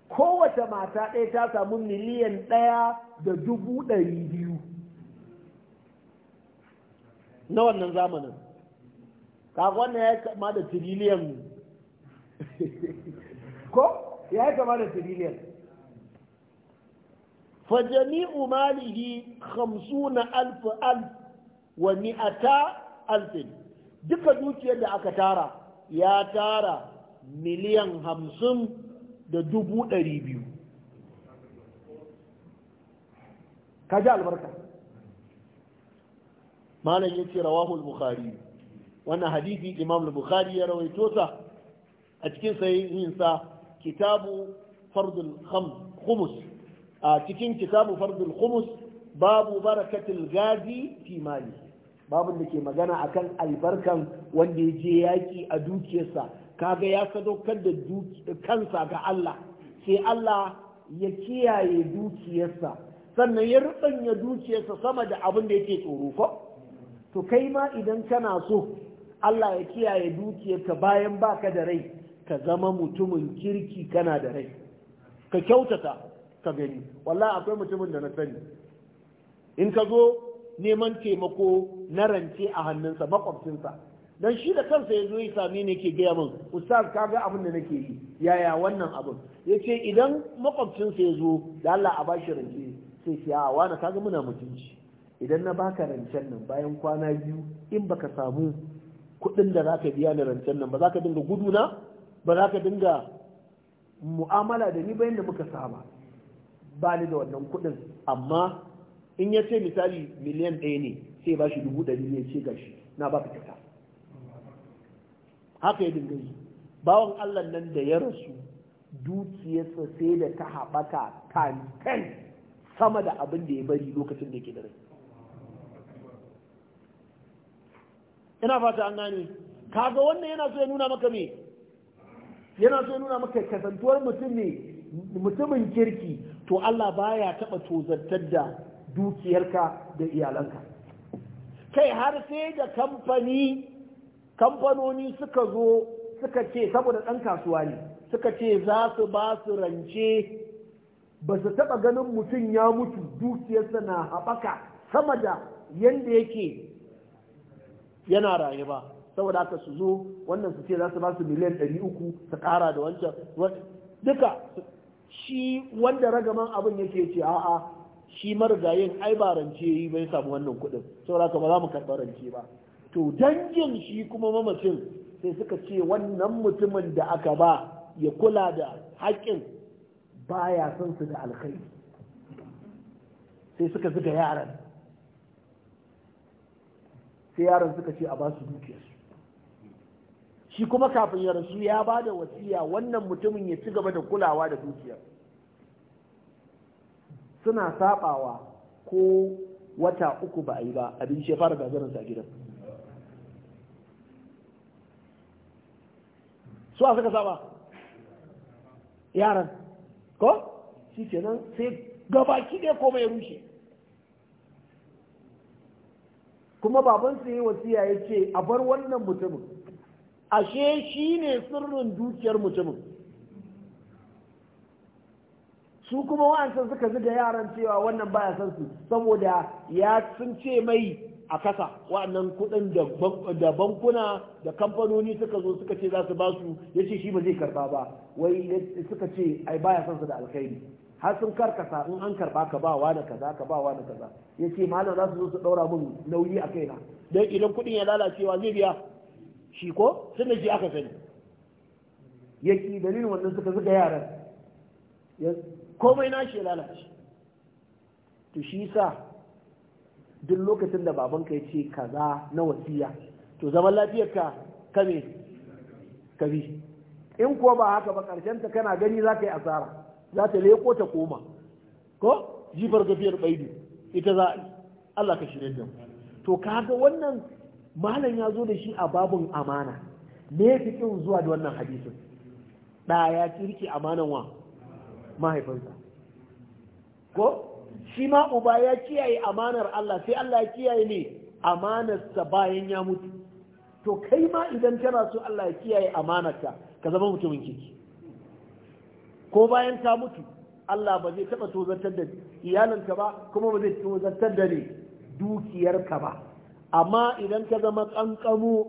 kowace mata ɗaya ta samu miliyan ɗaya da dubu ɗari biyu na wannan zamanin kaga wannan ya kama da tiriliyan ko ya kama da tiriliyan fajami'u malihi hamsuna alfu alf wa mi'ata alfin duka dukiyar da aka tara ya tara miliyan hamsin da dubu ɗari biyu ka ji albarka malam yace rawahu al-bukhari wannan hadisi imam al-bukhari ya rawaito sa a cikin sahihin sa kitabu fardul khums a cikin kitabu fardul khums babu barakatul gadi fi mali babu da ke magana akan albarkan wanda ya je yaki a dukiyarsa kaga ya sadaukar da kansa ga Allah sai Allah ya kiyaye dukiyarsa sannan ya rubanya dukiyarsa sama da abin da yake tsoro ko to kai ma idan kana so Allah ya kiyaye dukiyarka bayan baka da rai ka zama mutumin kirki kana da rai ka kyautata ka gani wallahi akwai mutumin da na sani in ka zo neman taimako na rance a hannunsa makwabcinsa don shi da kansa ya zo ya same ni ke gaya min ustaz ka ga abin da nake yi yaya wannan abin ya ce idan makwabcinsa ya zo da Allah a bashi rance sai ce a wani ka ga muna mutunci idan na baka rancen nan bayan kwana biyu in baka samu kuɗin da zaka biya ni rancen nan ba zaka dinga guduna ba zaka dinga mu'amala da ni bayan da muka saba ba ni da wannan kuɗin amma in ya ce misali miliyan ɗaya ne sai ba shi dubu ɗari ya ce gashi na baka kyauta haka ya dinga yi bawan Allah nan da ya rasu dukiyarsa sai da ta haɓaka kan sama da abin da ya bari lokacin da ke da rai ina fata an gane kaga wannan yana so ya nuna maka me yana so ya nuna maka kasantuwar mutum ne mutumin kirki to Allah baya taba tozartar da dukiyarka da iyalanka kai har sai da kamfani kamfanoni suka zo suka ce saboda ɗan kasuwa ne suka ce za su ba su rance ba su taɓa ganin mutum ya mutu dukiyarsa na haɓaka sama da yadda yake yana raye ba saboda aka su zo wannan su ce za su ba su miliyan ɗari uku su ƙara da wancan duka shi wanda ragaman abin yake ce a'a shi marigayin ai ba rance yi bai samu wannan kuɗin saboda aka ba za mu karɓar rance ba to dangin shi kuma mamacin sai suka ce wannan mutumin da aka ba ya kula da haƙƙin baya son su da alkhairi sai suka zuga yaran sai yaran suka ce a ba su dukiyarsu shi kuma kafin ya rasu ya ba da wasiya wannan mutumin ya ci gaba da kulawa da dukiyar suna sabawa ko wata uku ba a yi ba abin shi fara gazarin a gidan su a suka saba yaran ko shi kenan sai gabaki ne komai ya rushe kuma babansa ya wasiya ya ce a bar wannan mutumin ashe shi ne sirrin dukiyar mutumin su kuma wa'ancan suka zuga yaran cewa wannan baya san su saboda ya sun ce mai a kasa wa'annan kuɗin da bankuna da kamfanoni suka zo suka ce za su ba su ya ce shi ba zai karba ba wai suka ce ai baya san su da alkhairi har sun karkasa in an karba ka ba wa da kaza ka ba wa da kaza ya ce malam za su zo su ɗaura min nauyi a kaina don idan kuɗin ya lalacewa zai biya shi ko sun da aka sani ya ki dalilin wannan suka zuga yaran komai na shi ya lalace to shi sa duk lokacin da babanka ya ce kaza na wasiya to zaman lafiyarka kame kabi in kuwa ba haka ba karshen ta kana gani za ka yi asara za ta leko ta koma ko jifar gafiyar baidi ita za Allah ka shirye ta to kaga wannan malam ya zo da shi a babun amana me kin zuwa da wannan hadisin da ya kirki amanan wa mahaifinsa ko shi ma uba ya kiyaye amanar Allah sai Allah ya kiyaye ne amanarsa bayan ya mutu to kai ma idan kana so Allah ya kiyaye amanarka ka zama mutumin kiki. ko bayan ta mutu Allah ba zai taɓa tozartar da iyalinka ba kuma ba zai tozartar da ne dukiyarka ba amma idan ka zama ƙanƙamu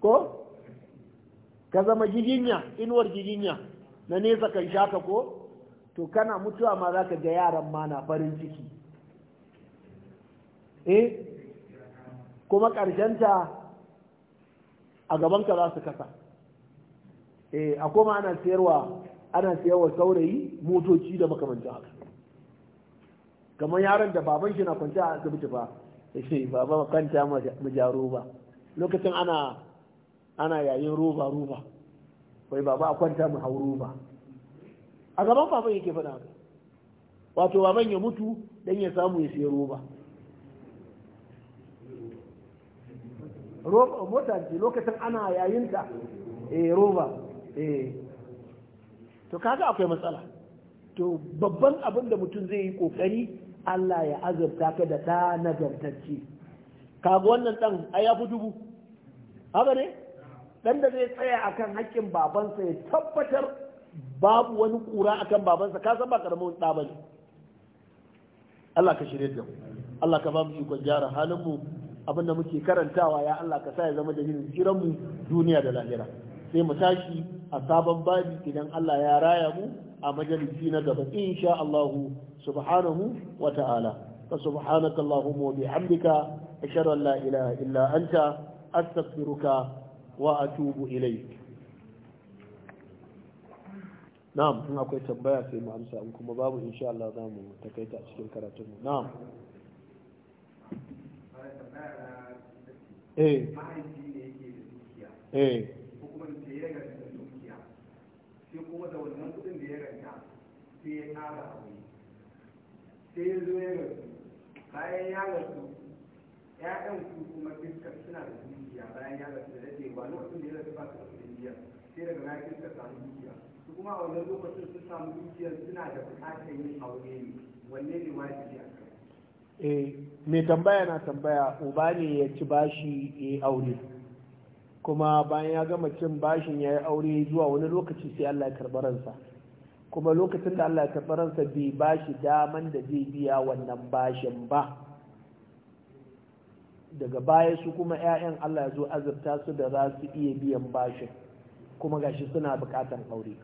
ko ka zama jijinya inuwar jijinya na nesa kan shaka ko to kana mutuwa ma za ka ga yaran ma na farin ciki eh kuma ƙarshenta a gabanka za su kasa eh a koma ana sayarwa ana siyarwa saurayi motoci da makamanta haka kamar yaron da baban shi na kwanta a asibiti ba yace baba kwanta mu ja roba lokacin ana ana yayin roba roba wai baba a kwanta mu hau roba a gaban baban yake faɗa wato baban ya mutu dan ya samu ya siya roba mota ce lokacin ana yayin ta eh roba eh to kaga akwai matsala to babban abin da mutum zai yi kokari Allah ya azurta ka da ɗa nagartacce kaga wannan dan ai ya fi dubu haka ne Dan da zai tsaya akan haƙƙin babansa ya tabbatar babu wani ƙura akan babansa ka san ba karamin da ba ne Allah ka shirye da mu Allah ka ba mu ikon gyara halin mu abin da muke karantawa ya Allah ka sa ya zama da jiran mu duniya da lahira sai mu tashi a sabon babi idan Allah ya raya mu a majalisi na gaba insha Allah subhanahu wa ta'ala fa subhanaka allahumma wa bihamdika ashhadu an la ilaha illa anta astaghfiruka wa atubu ilayk na'am in akwai tambaya sai mu amsa in kuma babu insha Allah za mu takaita a cikin karatun mu na'am eh eh shi kuma da wannan kudin da ya ranta sai ya tara aure sai ya zo ya rasu bayan ya rasu ya'yan su kuma fiska suna da dukiya bayan ya rasu da dadewa lokacin da ya rasu ba su da dukiya sai daga na fiska samu dukiya su kuma a wannan lokacin sun samu dukiya suna da bukatar yin aure ne wanne ne wajibi a kai eh mai tambaya na tambaya uba ne ya ci bashi ya aure kuma bayan ya gama cin bashin ya yi aure zuwa wani lokaci sai Allah ya karɓi ransa kuma lokacin da Allah ya karɓi ransa bai bashi daman da zai biya wannan bashin ba daga baya su kuma 'ya'yan Allah ya zo azurta su da za su iya biyan bashin kuma gashi suna buƙatar aure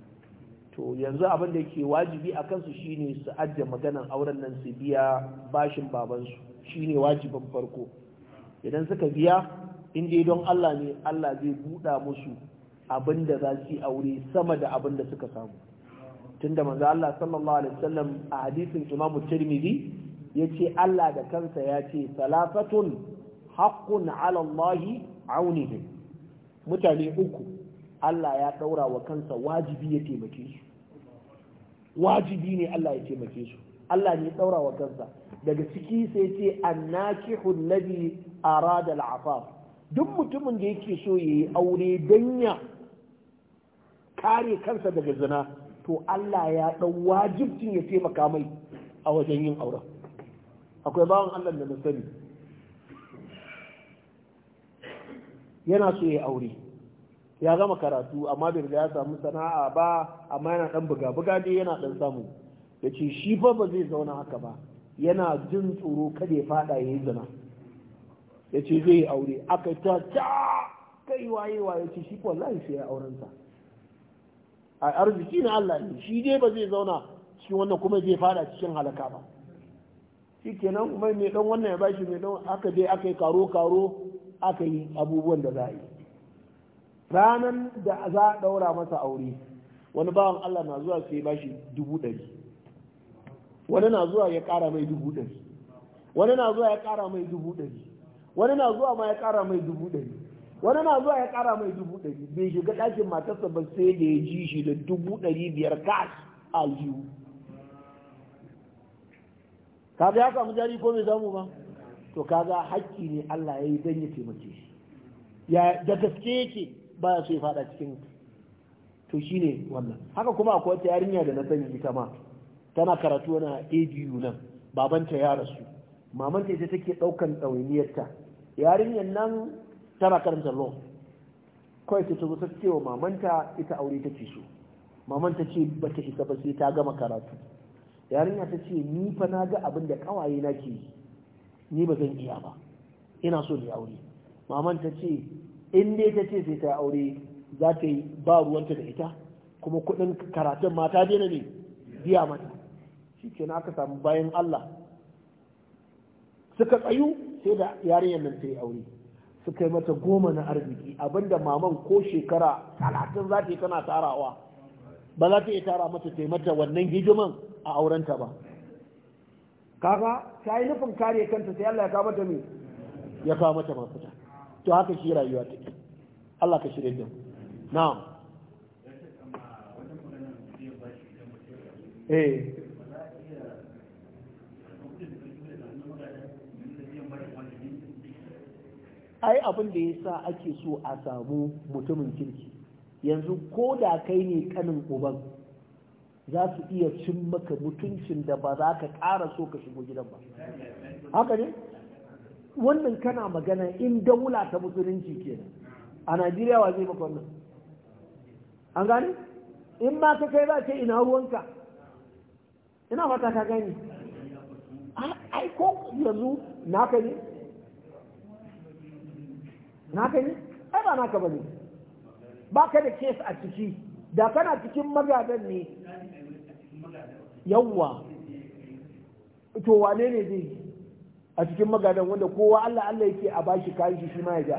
to yanzu abin da ke wajibi a kansu shine su ajiye maganan auren nan su biya bashin babansu shine wajibin farko idan suka biya in dai don Allah ne Allah zai buɗa musu abin da za su yi aure sama da abin da suka samu tunda manzo Allah sallallahu alaihi wasallam a hadisin Imam Tirmidhi yace Allah da kansa ya ce salafatun haqqun ala Allah aunihi mutane uku Allah ya daura wa kansa wajibi ya taimake su wajibi ne Allah ya taimake su Allah ne ya daura wa kansa daga ciki sai ce annakihul ladhi arada al'afaf duk mutumin da yake so ya yi aure don ya kare kansa daga zina to Allah ya ɗan wajibcin ya taimaka mai a wajen yin auren akwai bawan Allah da na sani yana so ya yi aure ya gama karatu amma bai riga ya samu sana'a ba amma yana ɗan buga-buga dai yana ɗan samu ya ce shi fa ba zai zauna haka ba yana jin tsoro kada ya faɗa ya yi zina ya ce zai aure aka ta ta kai waye waye ce shi lai sai ya auren sa a arziki na Allah ne shi dai ba zai zauna cikin wannan kuma zai fada cikin halaka ba shi kenan mai mai dan wannan ya bashi mai dan aka dai aka yi karo karo aka yi abubuwan da za a yi ranan da za a daura masa aure wani bawan Allah na zuwa sai bashi dubu ɗari wani na zuwa ya kara mai dubu ɗari wani na zuwa ya kara mai dubu ɗari wani na zuwa ma ya kara mai dubu ɗari wani na zuwa ya kara mai dubu ɗari bai shiga ɗakin matarsa ba sai da ya ji shi da dubu ɗari biyar a yiwu kaga ya samu jari ko mai samu ba to kaga hakki ne Allah ya yi don ya taimake shi ya da gaske yake ba ya so ya fada cikin to shi ne wannan haka kuma akwai wata yarinya da na sani ita ma tana karatu na ABU nan babanta ya rasu mamanta ita take ɗaukan ɗawainiyarta yarinyar nan tana karanta law kawai ta ta ce wa mamanta ita aure ta take so mamanta ce ba ta isa ba sai ta gama karatu yarinya ta ce ni fa na ga abin da kawaye na ke yi ni ba zan iya ba ina so ni aure maman ta ce in dai ta ce sai ta aure za ta yi ba ruwanta da ita kuma kuɗin karatun mata daina ne biya mata shi ke aka samu bayan Allah suka tsayu sai da yarinyar nan ta yi aure suka yi mata goma na arziki abinda maman ko shekara talatin za ta yi tana tarawa ba za ta iya tara mata ta mata wannan hijiman a aurenta ba kaga ta yi nufin kare kanta sai Allah ya kawo mata me ya kawo mata mafita to haka shi rayuwa ta ke Allah ka shirya da mu na'am eh ai abin da ya sa ake so a samu mutumin kirki yanzu ko da kai ne kanin uban za su iya cin maka mutuncin da ba za ka ƙara so ka shigo gidan ba haka ne wannan kana magana in daula ta musulunci ke a najeriya wa zai maka wannan an gane in ma ka kai za ka ina ruwanka ina fata ka gani ai ko yanzu naka ne naka ne ai ba naka bane ba ka da kes a ciki da kana cikin magadan ne yawwa to wane ne zai a cikin magadan wanda kowa Allah Allah yake a bashi kayan shi shi ma ya ja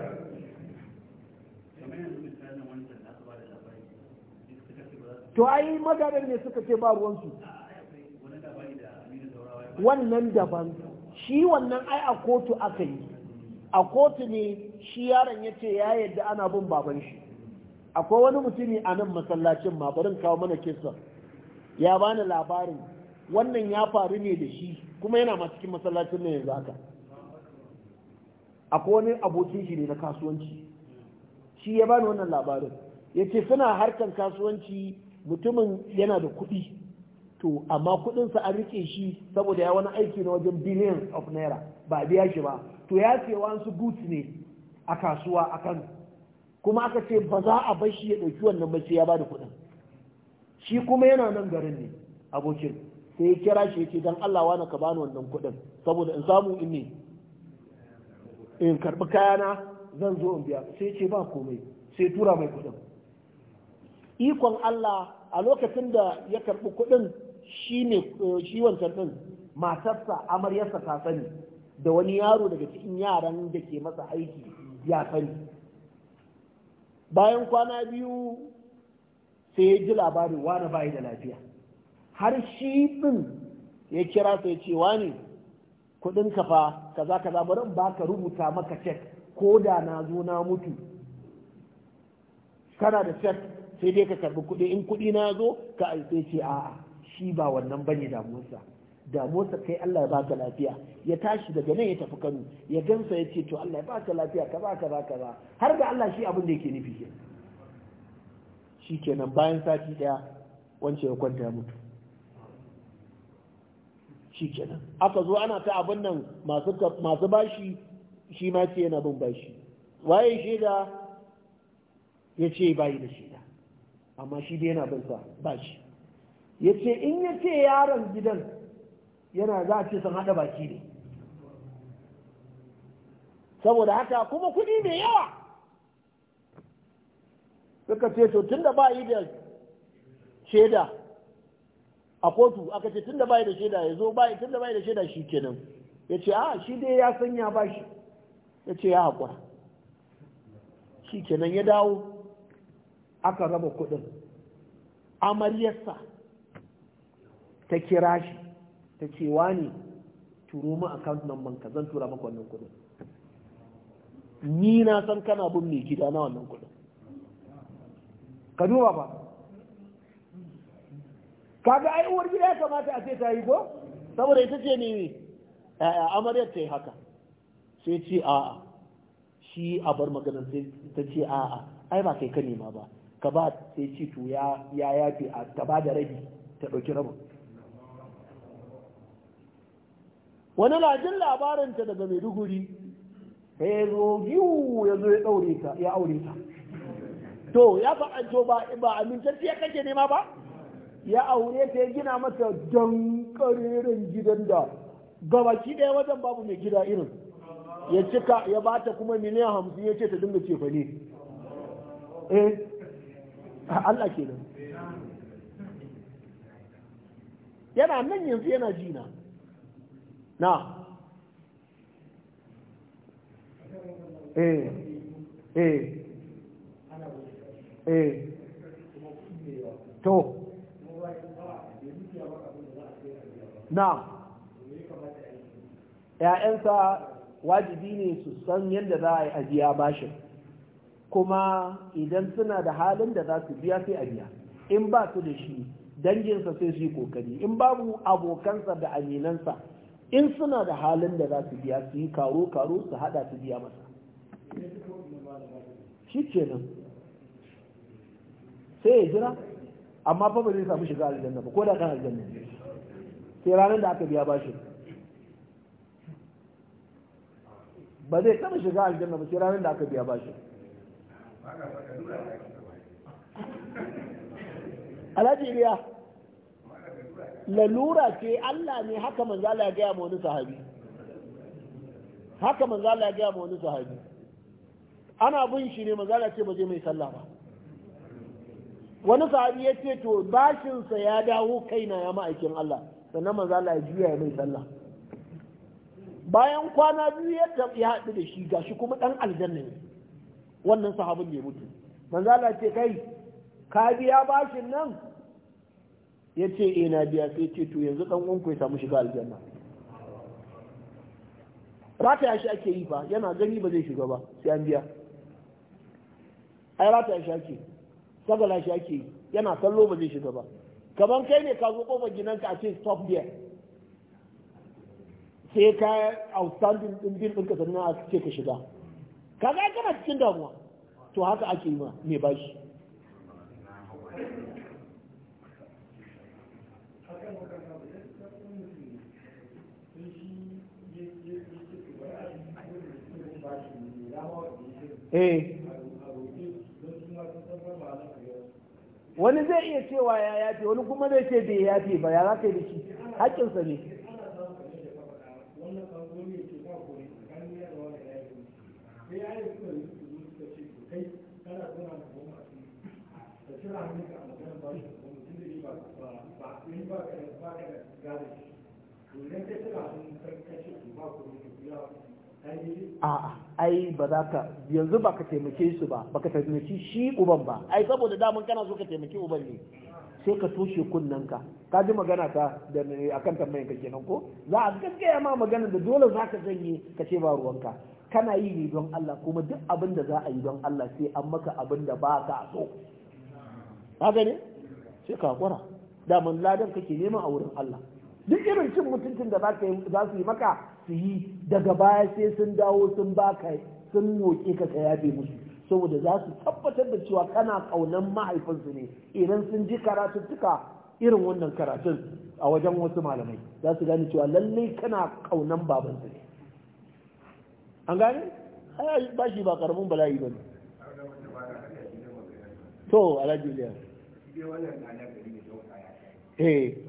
to ai magadan ne suka ce ba ruwan ruwansu wannan daban shi wannan ai a kotu aka yi a kotu ne shi yaron ya ce ya yadda ana bin baban shi akwai wani mutumi a nan masallacin ma barin kawo mana kisa ya bani labarin wannan ya faru ne da shi kuma yana ma cikin masallacin nan yanzu haka akwai wani abokin shi ne na kasuwanci shi ya bani wannan labarin ya ce suna harkan kasuwanci mutumin yana da kuɗi to amma kuɗinsa an rike shi saboda ya wani aiki na wajen billions of naira ba a biya shi ba to ya ce wasu boots ne a kasuwa a kan kuma aka ce ba za a bashi ya ɗauki wannan ba ya ya bada kuɗin shi kuma yana nan garin ne abokin sai ya kira shi yake dan Allah wani ka bani wannan kuɗin saboda in samu in ne in karɓi kayana zan zo in biya sai ce ba komai sai tura mai kuɗin ikon Allah a lokacin da ya karɓi kuɗin shi ne eh, shi wancan ɗin matarsa amaryarsa ta sani da wani yaro daga cikin yaran da ke masa aiki ya sani bayan kwana biyu sai ya ji labarin wani bayi da lafiya har shi din ya kira sai cewa ne kudin kafa kaza kaza bari in baka rubuta maka cek ko da na zo na mutu kana da cek sai dai ka karbi kuɗi in kuɗi na zo ka aise ce a'a shi ba wannan bane damuwarsa damuwarsa kai Allah ya baka lafiya ya tashi daga nan ya tafi Kano ya gansa ya ce to Allah ya baka lafiya ka baka baka ba har ga Allah shi abin da yake nufi ke shi kenan bayan sati daya wance ya kwanta ya mutu shi kenan aka zo ana ta abin nan masu masu bashi shi ma ce yana bin bashi waye shaida ya ce bayi da shaida amma shi dai yana bin sa bashi ya ce in ya ce yaron gidan yana za a ce sun haɗa baki ne saboda haka kuma kuɗi mai yawa suka ce to tun da ba yi da shaida a kotu aka ce tun da ba yi da shaida ya zo ba yi tun da ba yi da shaida shi kenan ya ce a ah, shi dai ya sanya ba shi ya ce ya haƙura shi kenan ya dawo aka raba kuɗin amaryarsa ta kira shi ta ce wani turo mu account number ka zan tura maka wannan kudin ni na san kana bin mai gida na wannan kudin ka duba ba kaga ai uwar gida ya kamata a ce ta yi ko saboda ita ce ne eh, amaryar ta yi haka sai ce a'a shi a bar maganar ta ce a'a ai ba kai ka nema ba ka ba sai ce to ya yafe a ta ba da rabi ta ɗauki rabin wani na jin labarinta daga maiduguri da ya zo yiwu ya zo ya aure ta to ya ba to ba ya kake nema ba ya aure ta ya gina masa don ƙaririn gidan da gabaki ɗaya wajen babu mai gida irin ya cika ya ba ta kuma miliyan hamsin ya ce ta dinga cefa ne eh Allah ke nan. yana nan yanzu yana jina na eh eh eh to na ‘ya'yansa wajibi ne su san yadda za a yi ajiya bashin kuma idan suna da halin da za su biya sai ajiya in ba su da shi danginsa sai su yi kokari in babu abokansa da aminansa in suna da halin da za su biya su yi karo karo su hada su biya masa shi nan sai ya jira amma fa ba zai samu shiga aljanna ba ko da kan aljanna sai ranar da aka biya bashi ba zai taɓa shiga aljanna ba sai ranar da aka biya bashi alhaji iliya lalura ce Allah ne haka manzala ya gaya wa wani sahabi haka manzala ya gaya wa wani sahabi ana bin shi ne manzala ce ba zai mai sallah ba wani sahabi ya ce to bashinsa ya dawo kaina ya ma'aikin Allah sannan manzala ya jiya ya mai sallah bayan kwana biyu ya hadu da shi gashi kuma ɗan aljanna ne wannan sahabin ne mutu mutu manzala ce kai ka biya bashin nan ya ce ina eh, biya sai ce to yanzu dan uwanku ya samu shiga aljanna rataya shi ake yi fa yana gani ba zai shiga ba sai an biya ai rataya shi ake sagala shi ake yi yana kallo ba zai shiga ba kaman kai ne ka zo kofar gidanka a ce stop there sai ka outstanding din din din ka sannan a ce ka shiga kaga kana cikin damuwa to haka ake yi ma mai bashi eh wani zai iya cewa ya yafe wani kuma zai ce bai yafe ba ya za ka yi da shi haƙƙinsa ne Thank you. a'a ai ba za ka yanzu ba ka taimake su ba ba ka taimaki shi uban ba ai saboda daman kana so ka taimaki uban ne sai ka toshe kunnen ka ka ji magana ta da akan tambayin ka kenan ko za a gaggaya ma magana da dole za ka janye ka ce ba ruwanka kana yi ne don Allah kuma duk abin da za a yi don Allah sai an maka abin da ba ka so ka gani sai ka hakura daman ladan kake nema a wurin Allah duk irin cin mutuncin da za su yi maka su yi daga baya sai sun dawo sun ba ka sun moke ka ka yabe musu saboda za su tabbatar da cewa kana ƙaunan mahaifinsu ne idan sun ji karatuttuka irin wannan karatun a wajen wasu malamai za su gane cewa lallai kana ƙaunan babansu ne an gane? ba shi ba karamin bala'i ba ne to alhaji eh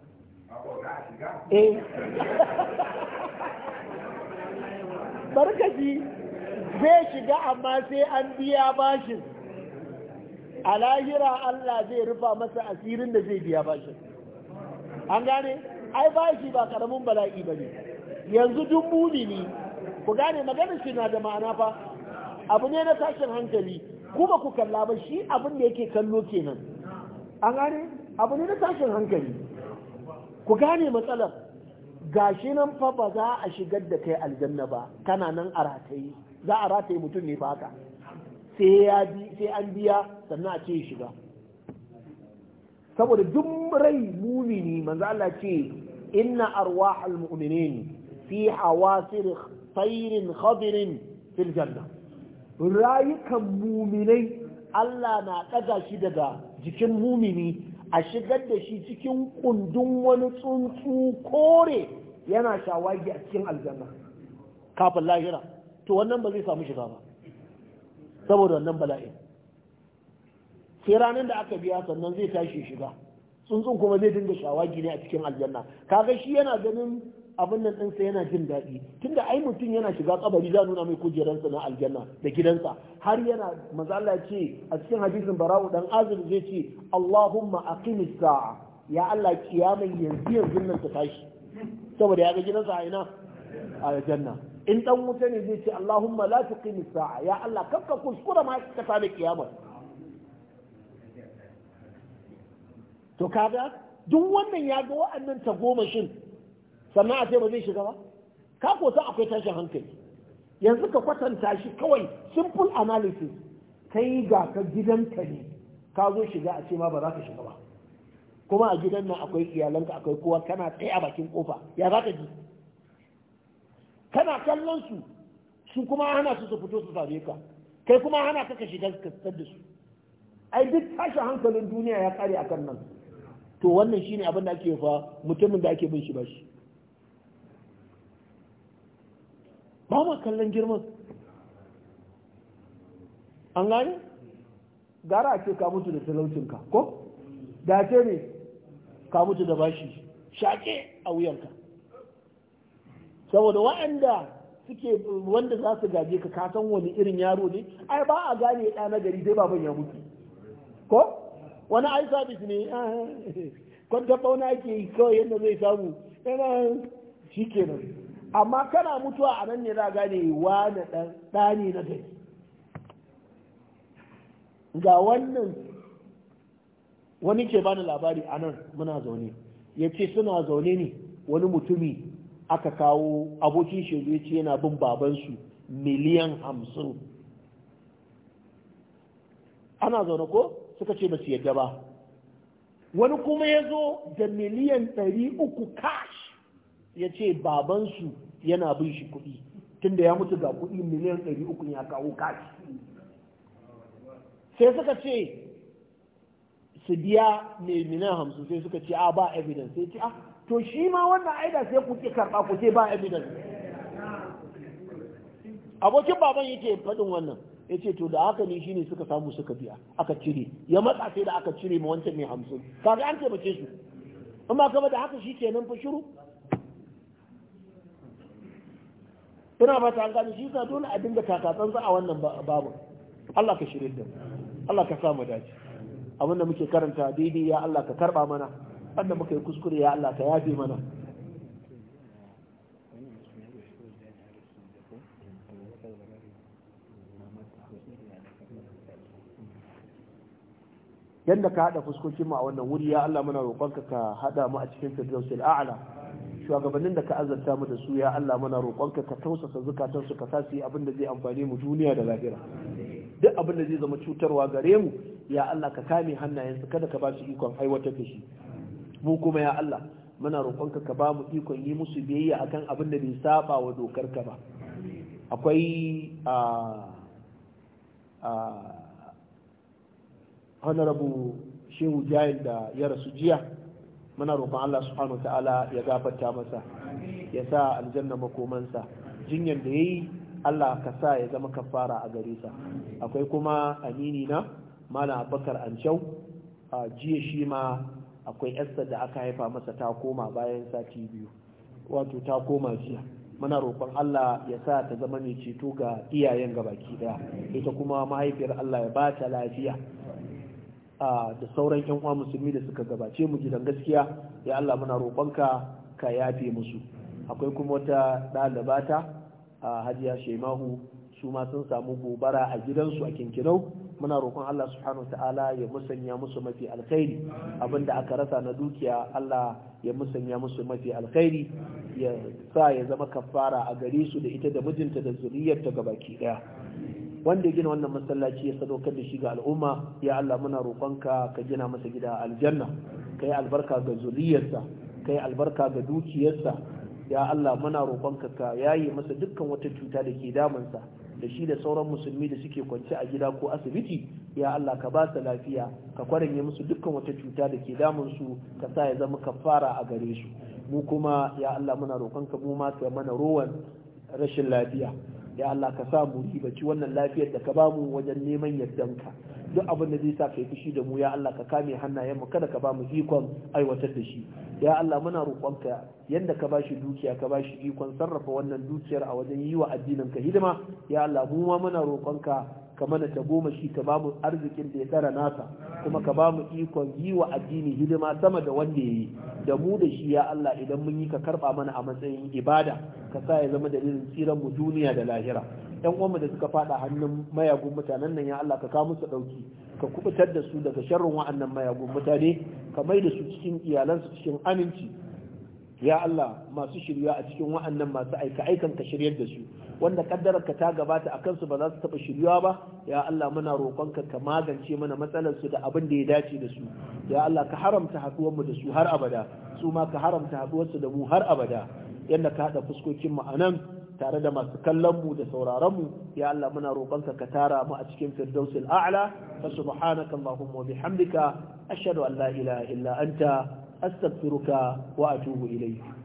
eh [LAUGHS] barkaji zai shiga amma sai an biya bashin a lahira Allah zai rufa masa asirin da zai biya bashin an gane ai bashi ba karamin bala'i ba ne yanzu duk ne ku gane maganar shi na da ma'ana fa abu ne na tashin hankali ku ba ku kalla ba shi abin da yake kallo kenan an gane abu ne na tashin hankali ku gane matsalar gashi nan fa ba za a shigar da kai aljanna ba kana nan a rataye za a rataye mutum ne fa sai ya bi sai an biya sannan a ce ya shiga saboda duk rai mumini manzo Allah ce inna arwahal mu'minin fi hawasir khairin khadirin fil janna rayukan muminai Allah na ɗaga shi daga jikin mumini a shigar da shi cikin kundin wani tsuntsu kore yana shawagi a cikin aljanna kafin lahira to wannan ba zai samu shiga ba saboda wannan bala'in sai ranar da aka biya sannan zai tashi shiga tsuntsun kuma zai dinga shawagi ne a cikin aljanna kaga shi yana ganin abin nan ɗinsa yana jin daɗi tunda ai mutum yana shiga kabari za nuna mai kujeransa na aljanna da gidansa har yana mazala ce a cikin hadisin bara'u dan azir zai ce Allahumma aqimis sa'a ya Allah mai yanzu yanzu nan ta tashi saboda ya ga gidansa a ina aljanna in dan wuta ne zai ce Allahumma la tuqimis sa'a ya Allah kakka kuskura ma ka sami kiyama to kaga duk wannan ya ga wa'annan tagomashin sannan a ce ba zai shiga ba ka ko san akwai tashin hankali yanzu ka kwatanta shi kawai simple analysis kai ga ka gidanka ne ka zo shiga a ce ma ba za ka shiga ba kuma a gidan nan akwai iyalanka akwai kowa kana tsaye a bakin kofa ya za ka ji kana kallon su su kuma hana su su fito su same ka kai kuma hana ka ka shiga ka tsar da su ai duk tashin hankalin duniya ya kare akan nan to wannan shine abin da ake fa mutumin da ake bin shi shi ba ma kallon girman an gani gara a ce ka mutu da talaucinka ko da ce ne ka mutu da bashi shaƙe a wuyanka saboda waɗanda suke wanda za su gaje ka ka san wani irin yaro ne ai ba a gane ya na gari sai baban ya mutu ko wani ai sabis ne ah, kwanta fauna ake yi kawai yadda zai samu yana shi kenan amma kana mutuwa a nan ne za gane wa na ɗani na gari ga wannan wani ke bani labari a nan muna zaune ya ce suna zaune ne wani mutumi aka kawo abokin shaidu ya ce yana bin babansu miliyan hamsin ana zaune ko suka ce ba su yadda ba wani kuma ya zo da miliyan ɗari uku kash ya ce babansu yana bin shi kuɗi tun da ya mutu ga kuɗi miliyan 300 ya kawo kashi sai suka ce su biya mai miliyan hamsin sai suka ce a ba evidence sai ce a ah, to shi ma wannan aida sai kuke karɓa ku ce ba evidence abokin baban yake faɗin wannan ya ce to da haka ne shine suka samu suka biya aka cire ya matsa sai da aka cire ma wancan mai hamsin kaga an taimake su amma kama da haka shi kenan fa shiru ina ba ta gani shi yasa dole a dinga za a wannan babu Allah ka shirye da Allah ka samu dace abin da muke karanta daidai ya Allah ka karba mana wanda muka yi kuskure ya Allah ka yafe mana yadda ka haɗa fuskokin mu a wannan wuri ya Allah muna roƙonka ka haɗa mu a cikin firdausil a'la shugabannin da ka azanta mu da su ya Allah muna roƙonka ka tausasa zukatan su ka abin da zai amfani mu duniya da lahira duk abin da zai zama cutarwa gare mu ya Allah ka kame hannayensu kada ka ba su ikon aiwatar da shi mu kuma ya Allah muna roƙonka ka ba mu ikon yi musu biyayya akan abin da bai saba wa dokar ka ba akwai a honorable shehu jayin da ya rasu jiya muna roƙon Allah subhanahu ta'ala ya gafarta masa ya sa aljanna makomansa jinyar da yayi Allah ka sa ya zama kafara a gare sa akwai kuma amini na malam Abubakar Anjau a jiya shi ma akwai Esther da aka haifa masa ta koma bayan sati biyu wato ta koma jiya muna roƙon Allah ya sa ta zama mai ceto ga iyayen gabaki daya ita kuma mahaifiyar Allah ya ba ta lafiya da sauran yan uwa musulmi da suka gabace mu gidan gaskiya ya Allah muna roƙonka ka yafe musu akwai kuma wata ɗalibata ta hajiya shemahu su ma sun samu gobara a gidansu a kinkinau muna roƙon Allah subhanahu ta'ala ya musanya musu mafi alkhairi abinda aka rasa na dukiya Allah ya musanya musu mafi alkhairi ya sa ya zama kafara a gare su da ita da mijinta da zuriyarta gabaki ɗaya. wanda ya gina wannan masallaci ya sadaukar da shi ga al'umma ya Allah muna roƙonka ka gina masa gida aljanna Ka yi albarka ga zuriyarsa ka yi albarka ga dukiyarsa ya Allah muna roƙonka ka yaye masa dukkan wata cuta da ke damunsa da shi da sauran musulmi da suke kwance a gida ko asibiti ya Allah ka ba su lafiya ka kwarinye musu dukkan wata cuta da ke damunsu ka sa ya zama kafara a gare su mu kuma ya Allah muna roƙonka mu ma ka mana rowan rashin lafiya ya Allah ka sa mu ribaci wannan lafiyar da ka bamu wajen neman yardanka duk abin da zai sa kai fushi da mu ya Allah ka kame hannayen mu kada ka bamu ikon aiwatar da shi ya Allah muna roƙonka yanda ka bashi dukiya ka bashi ikon sarrafa wannan dukiyar a wajen yi wa addinin ka hidima ya Allah mu ma muna roƙonka ka mana ta goma shi ka bamu arzikin da ya tsara nasa kuma ka bamu ikon yi wa addini hidima sama da wanda ya yi da mu da shi ya Allah idan mun yi ka karba mana a matsayin ibada ka sa ya zama dalilin tsiran mu duniya da lahira yan uwanmu da suka faɗa hannun mayagun mutanen nan ya Allah ka kawo musu dauki ka kubutar da su daga sharrin wa'annan mayagun mutane ka mai da su cikin iyalansu cikin aminci ya Allah masu shirya a cikin wa'annan masu aika aikan ka shiryar da su wanda kaddararka ta gabata a kansu ba za su taɓa shiryuwa ba ya Allah muna roƙonka ka magance mana matsalar su da abin da ya dace da su ya Allah ka haramta haɗuwar mu da su har abada su ma ka haramta haɗuwar da mu har abada yanda ka haɗa fuskokin mu anan tare da masu kallon mu da sauraron mu ya Allah muna roƙonka ka tara mu a cikin firdausil a'la fa subhanaka allahumma wa bihamdika ashhadu an la ilaha illa anta astaghfiruka wa atubu ilayk